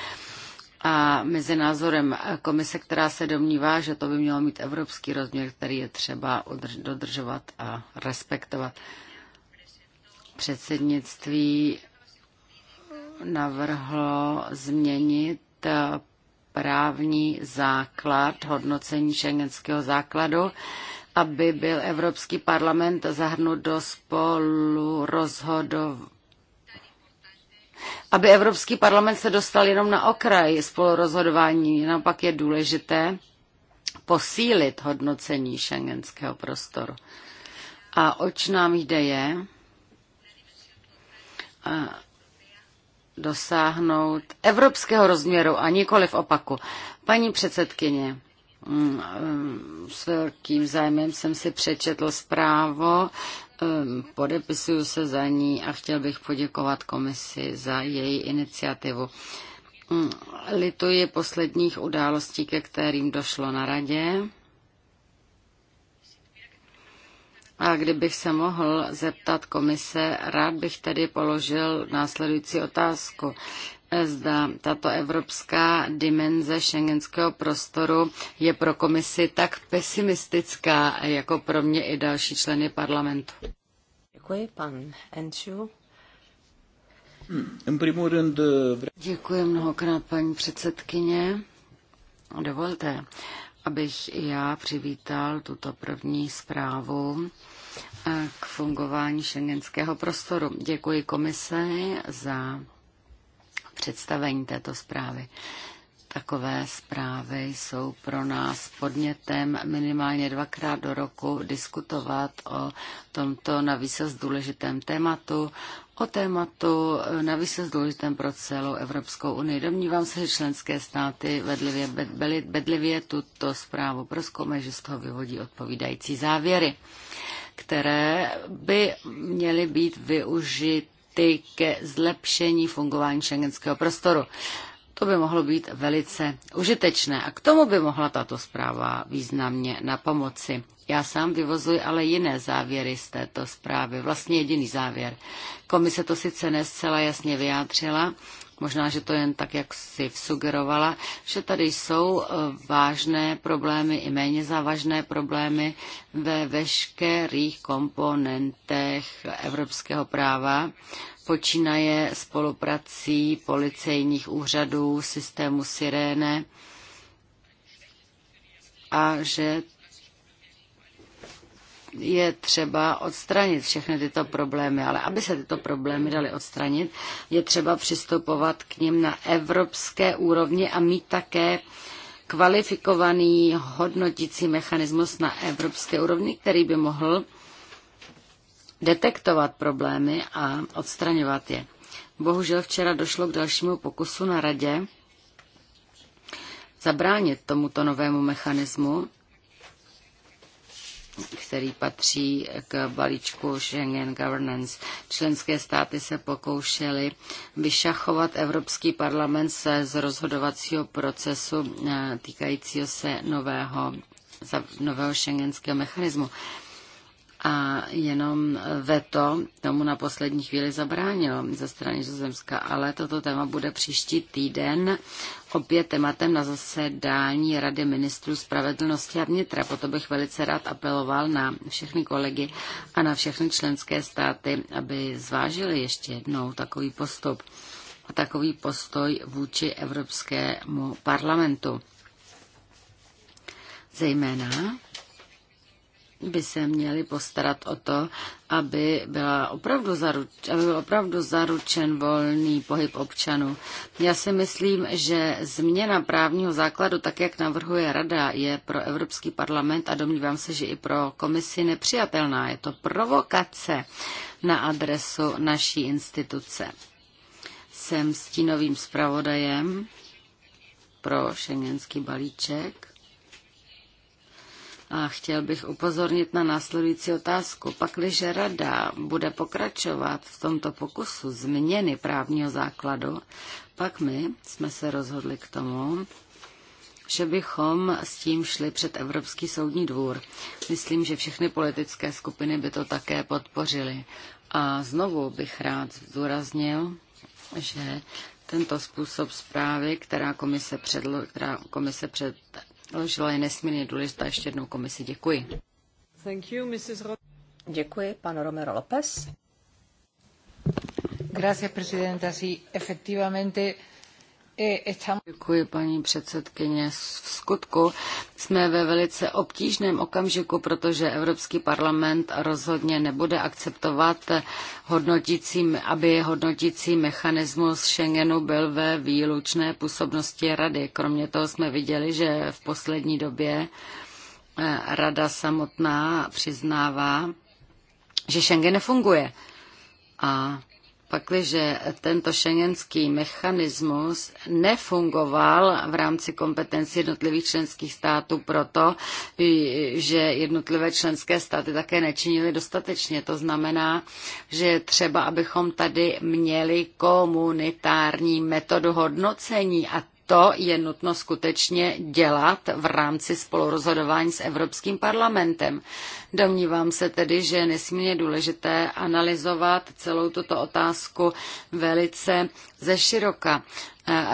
a mezi názorem eh, komise, která se domnívá, že to by mělo mít evropský rozměr, který je třeba dodržovat a respektovat. Předsednictví navrhlo změnit eh, právní základ, hodnocení šengenského základu, aby byl Evropský parlament zahrnut do spolu rozhodov... aby Evropský parlament se dostal jenom na okraj spolurozhodování. Jenom pak je důležité posílit hodnocení šengenského prostoru. A oč nám jde je, a dosáhnout evropského rozměru a nikoli v opaku. Paní předsedkyně, mm, mm, s velkým zájmem jsem si přečetl zprávu, mm, podepisuju se za ní a chtěl bych poděkovat komisi za její iniciativu. Lituji posledních událostí, ke kterým došlo na radě A kdybych se mohl zeptat komise, rád bych tedy položil následující otázku. Zda tato evropská dimenze šengenského prostoru je pro komisi tak pesimistická, jako pro mě i další členy parlamentu. Děkuji, pan Enciu. Hmm, Děkuji mnohokrát, paní předsedkyně. Dovolte, abych i já přivítal tuto první zprávu eh, k fungování šengenského prostoru. Děkuji komise za představení této zprávy. Takové zprávy jsou pro nás podnětem minimálně dvakrát do roku diskutovat o tomto na důležitém tématu, o tématu eh, navíc důležitém pro celou Evropskou unii. Domnívám se, že členské státy vedlivě, bedlivě, bedlivě tuto zprávu proskoumají, že z toho vyvodí odpovídající závěry, které by měly být využity ke zlepšení fungování šengenského prostoru. To by mohlo být velice užitečné a k tomu by mohla tato zpráva významně na pomoci. Já sám vyvozuji ale jiné závěry z této zprávy. Vlastně jediný závěr. Komise to sice nescela jasně vyjádřila, Možná, že to jen tak, jak si sugerovala, že tady jsou eh, vážné problémy i méně závažné problémy ve veškerých komponentech evropského práva. Počínaje spoluprací policejních úřadů, systému sirene a že je třeba odstranit všechny tyto problémy, ale aby se tyto problémy daly odstranit, je třeba přistupovat k ním na evropské úrovni a mít také kvalifikovaný hodnotící mechanismus na evropské úrovni, který by mohl detektovat problémy a odstraňovat je. Bohužel včera došlo k dalšímu pokusu na radě zabránit tomuto novému mechanismu který patří k balíčku Schengen Governance. Členské státy se pokoušely vyšachovat Evropský parlament se z rozhodovacího procesu eh, týkajícího se nového, nového šengenského mechanismu a jenom veto tomu na poslední chvíli zabránilo ze strany Nizozemska, ale toto téma bude příští týden opět tématem na zasedání Rady ministrů spravedlnosti a vnitra. Proto bych velice rád apeloval na všechny kolegy a na všechny členské státy, aby zvážili ještě jednou takový postup a takový postoj vůči Evropskému parlamentu. Zejména by se měli postarat o to, aby, byla opravdu zaruč, aby byl opravdu zaručen volný pohyb občanů. Já si myslím, že změna právního základu, tak jak navrhuje Rada, je pro Evropský parlament a domnívám se, že i pro komisi nepřijatelná. Je to provokace na adresu naší instituce. Jsem stínovým zpravodajem pro šengenský balíček a chtěl bych upozornit na následující otázku. Pakliže rada bude pokračovat v tomto pokusu změny právního základu, pak my jsme se rozhodli k tomu, že bychom s tím šli před Evropský soudní dvůr. Myslím, že všechny politické skupiny by to také podpořily. A znovu bych rád zdůraznil, že tento způsob zprávy, která komise, předlo, která komise před Žila je nesmírně důležitá. Ještě jednou komisi děkuji. Thank you, Mrs. Ro- děkuji, pan Romero López. Gracias, presidenta. Sí, efectivamente. Eh, Děkuji, paní předsedkyně. V skutku jsme ve velice obtížném okamžiku, protože Evropský parlament rozhodně nebude akceptovat, hodnotící, aby hodnotící mechanismus Schengenu byl ve výlučné působnosti rady. Kromě toho jsme viděli, že v poslední době eh, rada samotná přiznává, že Schengen nefunguje. A pakliže tento šengenský mechanismus nefungoval v rámci kompetencí jednotlivých členských států proto, že jednotlivé členské státy také nečinily dostatečně. To znamená, že je třeba, abychom tady měli komunitární metodu hodnocení a to je nutno skutečně dělat v rámci spolurozhodování s Evropským parlamentem. Domnívám se tedy, že je nesmírně důležité analyzovat celou tuto otázku velice ze široka.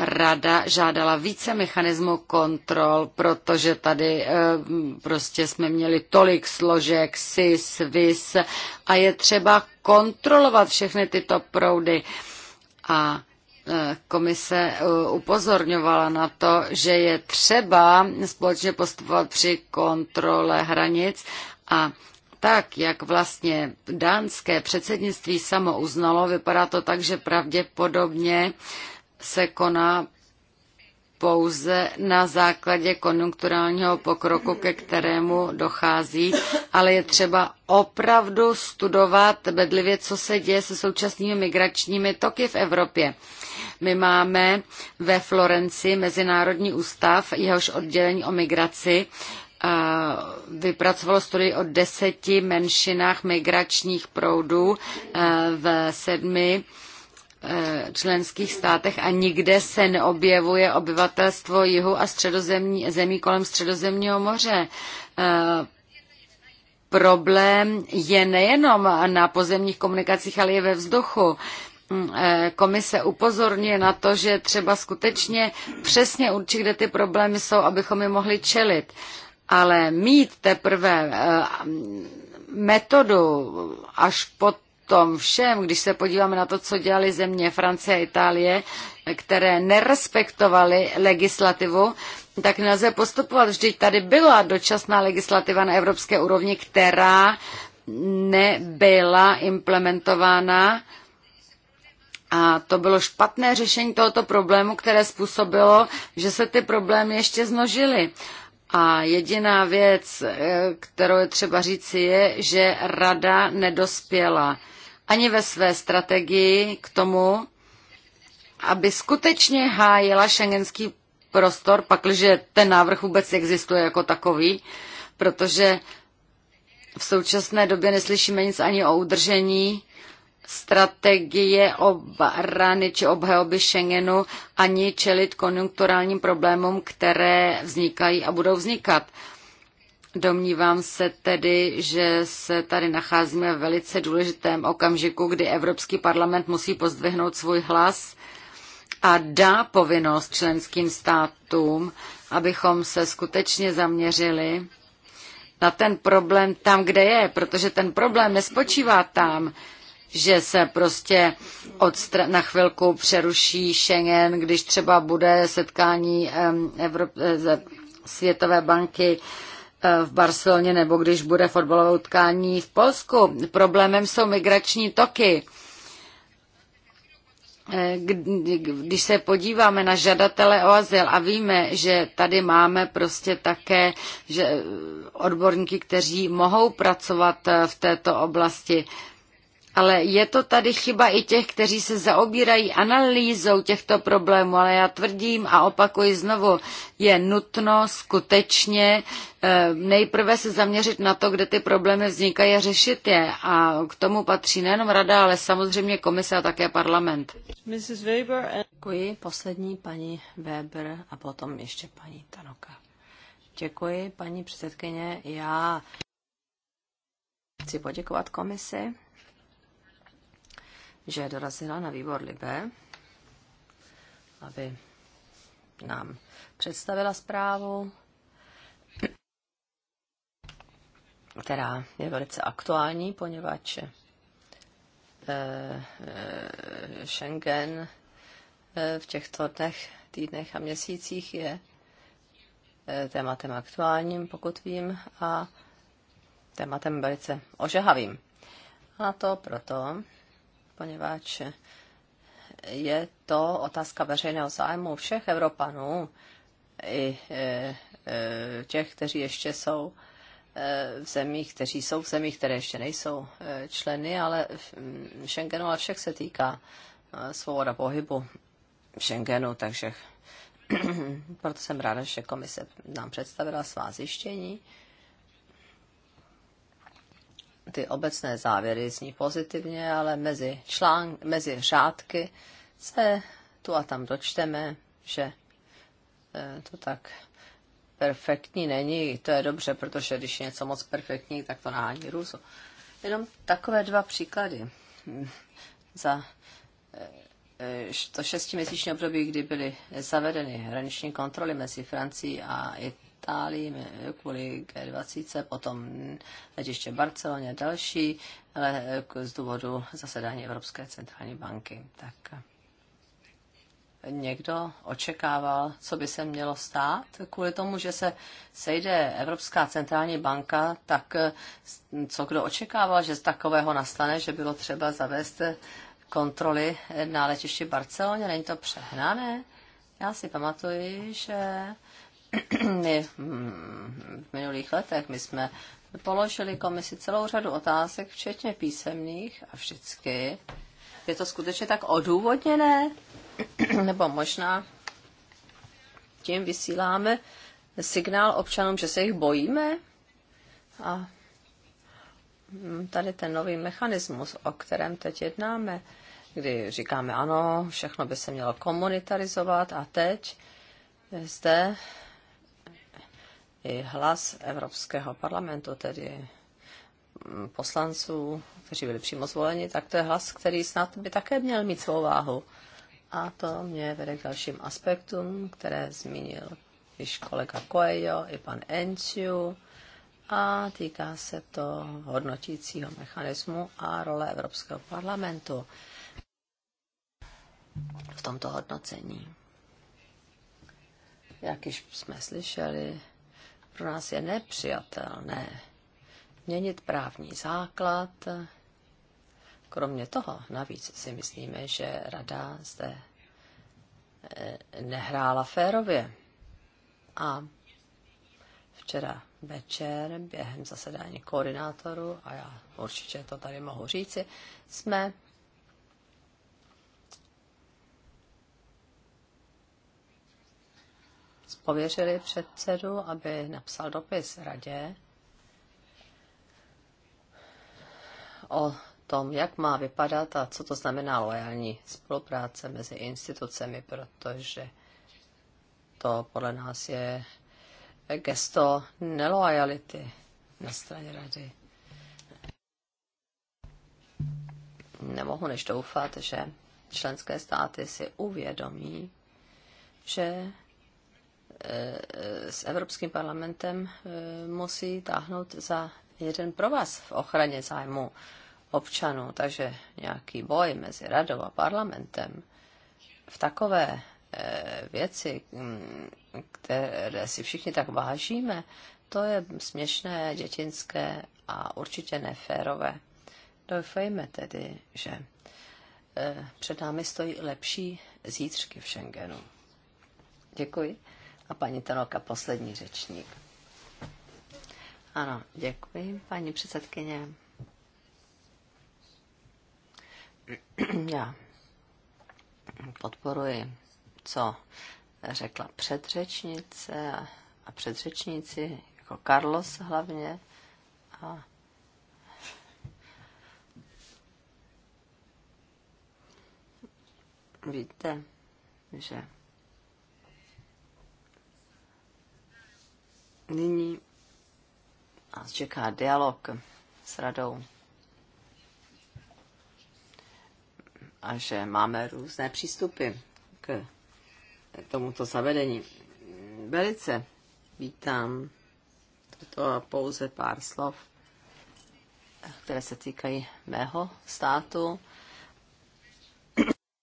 Rada žádala více mechanismů kontrol, protože tady eh, prostě jsme měli tolik složek, SIS, VIS a je třeba kontrolovat všechny tyto proudy. A Eh, komise eh, upozorňovala na to, že je třeba společně postupovat při kontrole hranic a tak, jak vlastně dánské předsednictví samo uznalo, vypadá to tak, že pravděpodobně se koná pouze na základě konjunkturálního pokroku, ke kterému dochází, ale je třeba opravdu studovat bedlivě, co se děje se současnými migračními toky v Evropě. My máme ve Florenci Mezinárodní ústav, jehož oddělení o migraci vypracovalo studii o deseti menšinách migračních proudů v sedmi Eh, členských státech a nikde se neobjevuje obyvatelstvo jihu a středozemní, zemí kolem středozemního moře. Eh, problém je nejenom na pozemních komunikacích, ale i ve vzduchu mm, eh, komise upozorňuje na to, že třeba skutečně přesně určit, kde ty problémy jsou, abychom je mohli čelit. Ale mít teprve metodu až pod tom všem, když se podíváme na to, co dělali země Francie a Itálie, které nerespektovaly legislativu, tak nelze postupovat. Vždyť tady byla dočasná legislativa na evropské úrovni, která nebyla implementována a to bylo špatné řešení tohoto problému, které způsobilo, že se ty problémy ještě znožily. A jediná věc, eh, kterou je třeba říci, je, že rada nedospěla ani ve své strategii k tomu, aby skutečně hájila šengenský prostor, pakliže ten návrh vůbec existuje jako takový, protože v současné době neslyšíme nic ani o udržení strategie obrany či obhajoby Schengenu ani čelit konjunkturálním problémům, které vznikají a budou vznikat. Domnívám se tedy, že se tady nacházíme v velice důležitém okamžiku, kdy Evropský parlament musí pozdvihnout svůj hlas a dá povinnost členským státům, abychom se skutečně zaměřili na ten problém tam, kde je, protože ten problém nespočívá tam, že se prostě na chvilku přeruší Schengen, když třeba bude setkání Evrop- Světové banky v Barceloně nebo když bude fotbalové utkání v Polsku. Problémem jsou migrační toky. Když se podíváme na žadatele o azyl a víme, že tady máme prostě také že odborníky, kteří mohou pracovat v této oblasti, ale je to tady chyba i těch, kteří se zaobírají analýzou těchto problémů, ale já tvrdím a opakuji znovu, je nutno skutečně eh, nejprve se zaměřit na to, kde ty problémy vznikají a řešit je. A k tomu patří nejenom rada, ale samozřejmě komise a také parlament. Děkuji. Poslední paní Weber a potom ještě paní Tanoka. Děkuji, paní předsedkyně. Já chci poděkovat komisi že dorazila na výbor Libe, aby nám představila zprávu, která je velice aktuální, poněvadž eh, eh, Schengen eh, v těchto dnech, týdnech a měsících je tématem aktuálním, pokud vím, a tématem velice ožehavým. A to proto, poněvadž je to otázka veřejného zájmu všech Evropanů, i e, e, těch, kteří ještě jsou e, v zemích, kteří jsou v zemích, které ještě nejsou členy, ale Schengenu a všech se týká svoboda pohybu v Schengenu, takže proto jsem ráda, že komise nám představila svá zjištění ty obecné závěry zní pozitivně, ale mezi, člán, mezi řádky se tu a tam dočteme, že eh, to tak perfektní není. To je dobře, protože když je něco moc perfektní, tak to nahání růzu. Jenom takové dva příklady. Za eh, eh, to šestiměsíční období, kdy byly zavedeny hraniční kontroly mezi Francií a Itálii, kvůli G20, potom letiště Barceloně a další, ale eh, z důvodu zasedání Evropské centrální banky. Tak eh, někdo očekával, co by se mělo stát. Kvůli tomu, že se sejde Evropská centrální banka, tak eh, co kdo očekával, že z takového nastane, že bylo třeba zavést kontroly na letišti Barceloně, není to přehnané? Já si pamatuji, že my mm, v minulých letech my jsme položili komisi celou řadu otázek, včetně písemných a vždycky. Je to skutečně tak odůvodněné? Nebo možná tím vysíláme signál občanům, že se jich bojíme? A mm, tady ten nový mechanismus, o kterém teď jednáme, kdy říkáme ano, všechno by se mělo komunitarizovat a teď zde i hlas Evropského parlamentu, tedy poslanců, kteří byli přímo zvoleni, tak to je hlas, který snad by také měl mít svou váhu. A to mě vede k dalším aspektům, které zmínil již kolega Coelho i pan Enciu a týká se to hodnotícího mechanismu a role Evropského parlamentu v tomto hodnocení. Jak již jsme slyšeli, pro nás je nepřijatelné měnit právní základ. Kromě toho, navíc si myslíme, že rada zde eh, nehrála férově. A včera večer během zasedání koordinátoru, a já určitě to tady mohu říci, jsme pověřili předsedu, aby napsal dopis radě o tom, jak má vypadat a co to znamená loajální spolupráce mezi institucemi, protože to podle nás je gesto nelojality na straně rady. Nemohu než doufat, že členské státy si uvědomí, že s Evropským parlamentem eh, musí táhnout za jeden pro vás v ochraně zájmu občanů, takže nějaký boj mezi radou a parlamentem v takové eh, věci, mm, které si všichni tak vážíme, to je směšné, dětinské a určitě neférové. Doufejme tedy, že eh, před námi stojí lepší zítřky v Schengenu. Děkuji. A paní Tanoka, poslední řečník. Ano, děkuji, paní předsedkyně. Já podporuji, co řekla předřečnice a předřečníci, jako Carlos hlavně. A víte, že Nyní nás čeká dialog s radou. A že máme různé přístupy k tomuto zavedení. Velice vítám toto a pouze pár slov, které se týkají mého státu.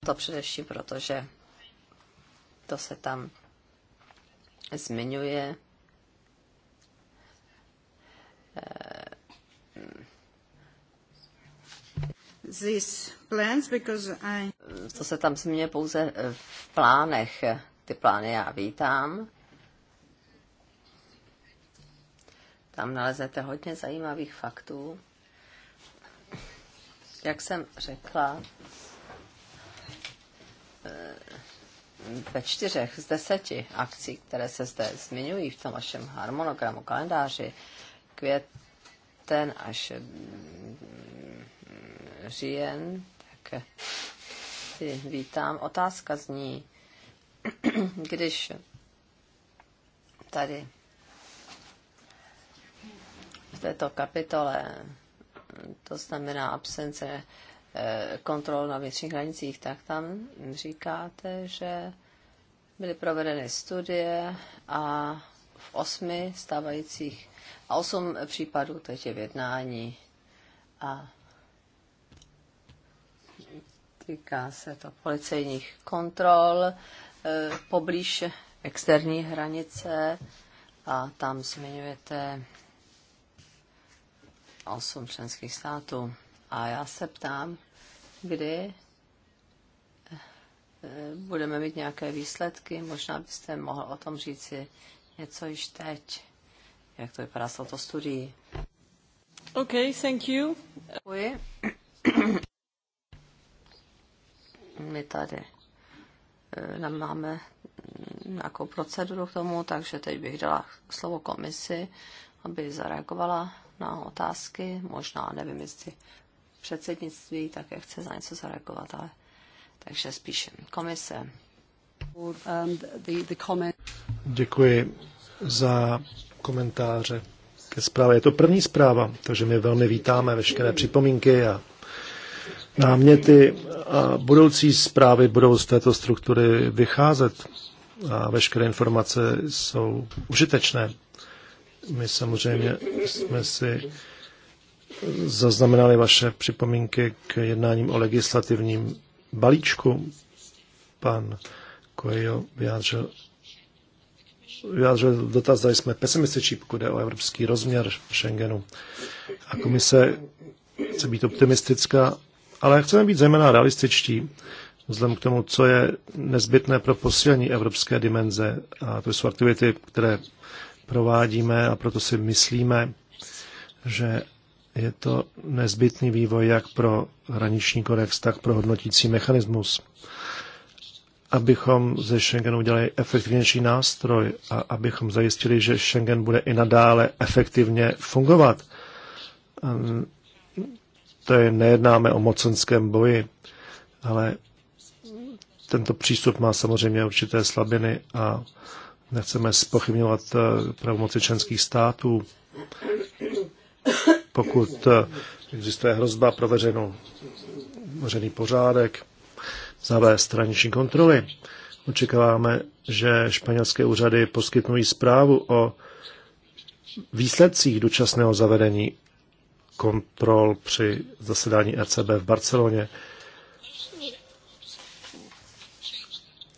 To především proto, že to se tam zmiňuje to se tam změní pouze v plánech. Ty plány já vítám. Tam naleznete hodně zajímavých faktů. Jak jsem řekla, eh, ve čtyřech z deseti akcí, které se zde zmiňují v tom vašem harmonogramu, kalendáři, květen až říjen, tak eh, vítám. Otázka zní, když tady v této kapitole, to znamená absence eh, kontrol na vnitřních hranicích, tak tam říkáte, že byly provedeny studie a v osmi stávajících a osm případů teď je v jednání a týká se to policejních kontrol e, poblíž externí hranice a tam zmiňujete osm členských států. A já se ptám, kdy e, budeme mít nějaké výsledky. Možná byste mohl o tom říci něco již teď jak to vypadá s touto studií. OK, thank you. Děkuji. My tady e, máme nějakou proceduru k tomu, takže teď bych dala slovo komisi, aby zareagovala na otázky. Možná, nevím, jestli předsednictví také chce za něco zareagovat, ale takže spíš komise. Um, Děkuji za komentáře ke zprávě. Je to první zpráva, takže my velmi vítáme veškeré připomínky a náměty a budoucí zprávy budou z této struktury vycházet a veškeré informace jsou užitečné. My samozřejmě jsme si zaznamenali vaše připomínky k jednáním o legislativním balíčku. Pan Kojo vyjádřil vyjádřil dotaz, zda jsme pesimističní, pokud jde o evropský rozměr Schengenu. A komise chce být optimistická, ale chceme být zejména realističtí, vzhledem k tomu, co je nezbytné pro posílení evropské dimenze. A to jsou aktivity, které provádíme a proto si myslíme, že je to nezbytný vývoj jak pro hraniční kodex, tak pro hodnotící mechanismus abychom ze Schengenu udělali efektivnější nástroj a abychom zajistili, že Schengen bude i nadále efektivně fungovat. Ehm, to je, nejednáme o mocenském boji, ale tento přístup má samozřejmě určité slabiny a nechceme spochybňovat eh, pravomoci členských států. Pokud eh, existuje hrozba pro veřejnou, veřejný pořádek, zavést hraniční kontroly. Očekáváme, že španělské úřady poskytnují zprávu o výsledcích dočasného zavedení kontrol při zasedání RCB v Barceloně.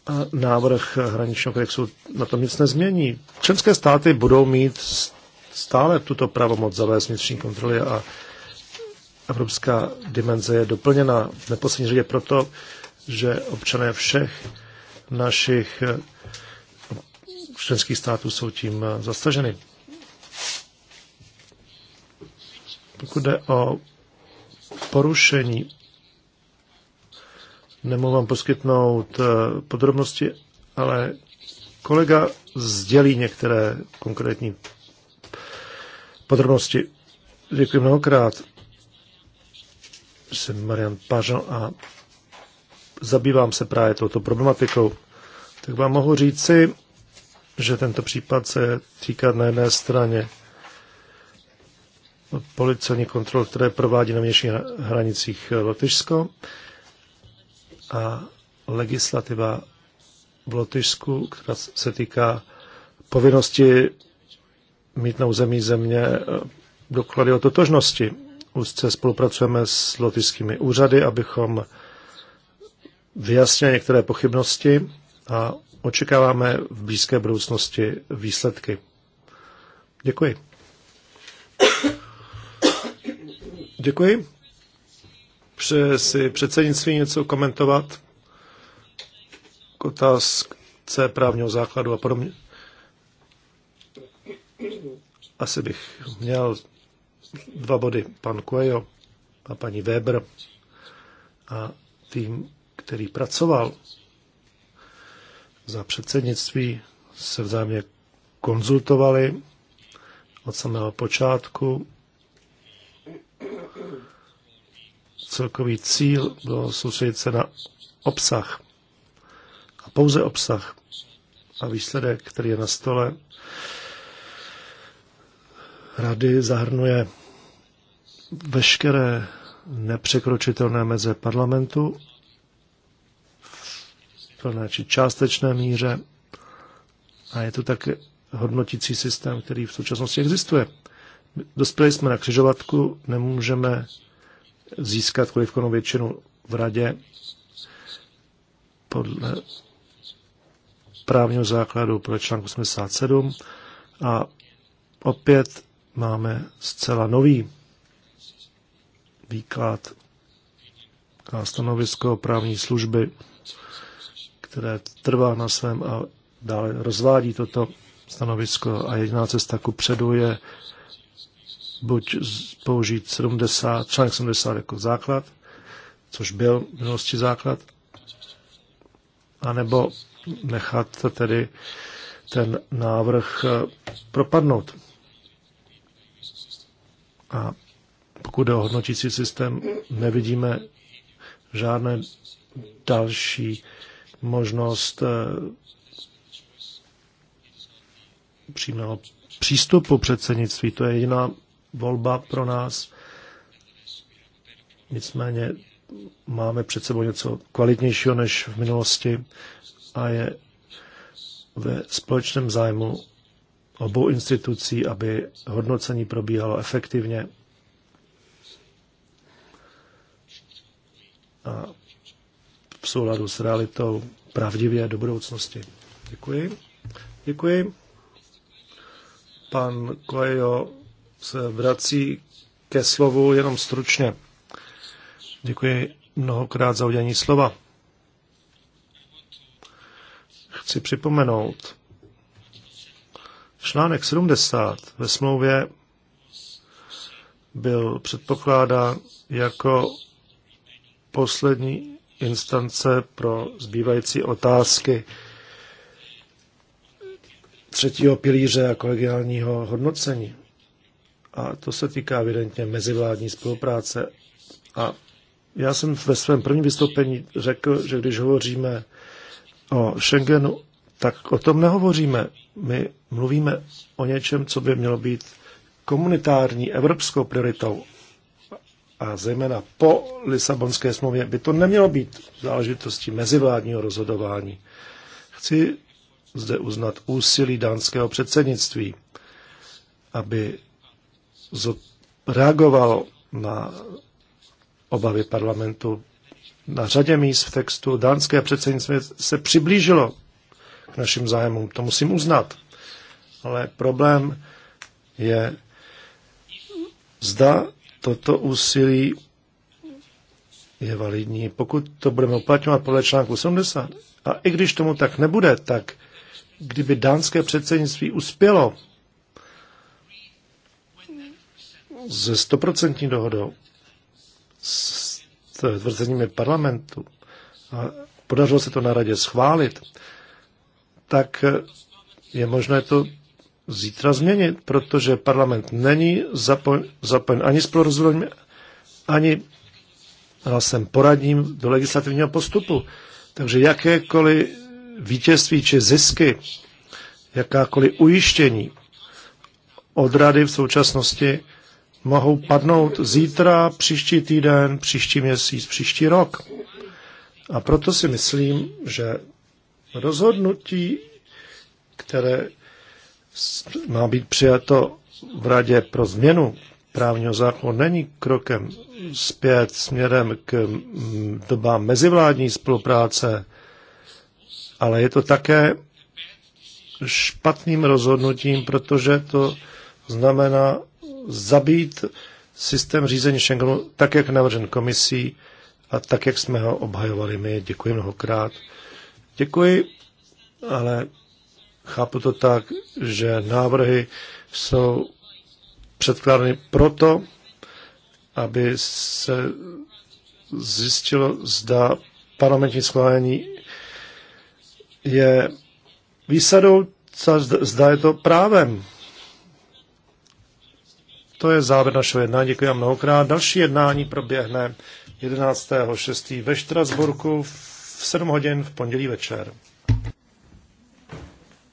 A návrh hraničního kodexu na tom nic nezmění. Členské státy budou mít stále tuto pravomoc zavést vnitřní kontroly a evropská dimenze je doplněna v neposlední řadě proto, že občané všech našich eh, členských států jsou tím eh, zastaženy. Pokud jde o porušení, nemohu vám poskytnout eh, podrobnosti, ale kolega sdělí některé konkrétní podrobnosti. Děkuji mnohokrát. Jsem Marian Pažo a zabývám se právě touto problematikou, tak vám mohu říci, že tento případ se týká na jedné straně policejní kontrol, které provádí na vnějších hranicích Lotyšsko a legislativa v Lotyšsku, která se týká povinnosti mít na území země doklady o totožnosti. Úzce spolupracujeme s lotyšskými úřady, abychom vyjasnil některé pochybnosti a očekáváme v blízké budoucnosti výsledky. Děkuji. Děkuji. Přeje si předsednictví něco komentovat k otázce právního základu a podobně. Asi bych měl dva body, pan Kuejo a paní Weber a tým který pracoval za předsednictví, se vzájemně konzultovali od samého počátku. Celkový cíl byl soustředit se na obsah a pouze obsah a výsledek, který je na stole, rady zahrnuje veškeré nepřekročitelné meze parlamentu plné či částečné míře. A je to tak hodnotící systém, který v současnosti existuje. Dospěli jsme na křižovatku, nemůžeme získat kolivkovnou většinu v radě podle právního základu podle článku 87 a opět máme zcela nový výklad a stanovisko právní služby které trvá na svém a dále rozvádí toto stanovisko a jediná cesta ku předu je buď použít 70, článek 70 jako základ, což byl v minulosti základ, anebo nechat tedy ten návrh eh, propadnout. A pokud jde o hodnotící systém, nevidíme žádné další možnost eh, přímého přístupu předsednictví. To je jediná volba pro nás. Nicméně máme před sebou něco kvalitnějšího než v minulosti a je ve společném zájmu obou institucí, aby hodnocení probíhalo efektivně a v souladu s realitou pravdivě do budoucnosti. Děkuji. Děkuji. Pan Kojo se vrací ke slovu jenom stručně. Děkuji mnohokrát za udělení slova. Chci připomenout, článek 70 ve smlouvě byl předpokládán jako poslední instance pro zbývající otázky třetího pilíře a kolegiálního hodnocení. A to se týká evidentně mezivládní spolupráce. A já jsem ve svém prvním vystoupení řekl, že když hovoříme o Schengenu, tak o tom nehovoříme. My mluvíme o něčem, co by mělo být komunitární evropskou prioritou a zejména po Lisabonské smlouvě by to nemělo být záležitostí mezivládního rozhodování. Chci zde uznat úsilí dánského předsednictví, aby reagovalo na obavy parlamentu. Na řadě míst v textu dánské předsednictví se přiblížilo k našim zájmům, to musím uznat. Ale problém je, zda toto úsilí je validní. Pokud to budeme uplatňovat podle článku 70, a i když tomu tak nebude, tak kdyby dánské předsednictví uspělo se stoprocentní dohodou, s tvrzeními parlamentu, a podařilo se to na radě schválit, tak je možné to zítra změnit, protože parlament není zapojen, zapojen ani s prorozvojem, ani hlasem poradním do legislativního postupu. Takže jakékoliv vítězství či zisky, jakákoliv ujištění od rady v současnosti mohou padnout zítra, příští týden, příští měsíc, příští rok. A proto si myslím, že rozhodnutí, které má být přijato v Radě pro změnu právního zákonu, není krokem zpět směrem k dobám mezivládní spolupráce, ale je to také špatným rozhodnutím, protože to znamená zabít systém řízení Schengenu tak, jak navržen komisí a tak, jak jsme ho obhajovali my. Děkuji mnohokrát. Děkuji, ale Chápu to tak, že návrhy jsou předkládány proto, aby se zjistilo, zda parlamentní schválení je výsadou, zda je to právem. To je závěr našeho jednání. Děkuji vám mnohokrát. Další jednání proběhne 11.6. ve Štrasburku v 7 hodin v pondělí večer.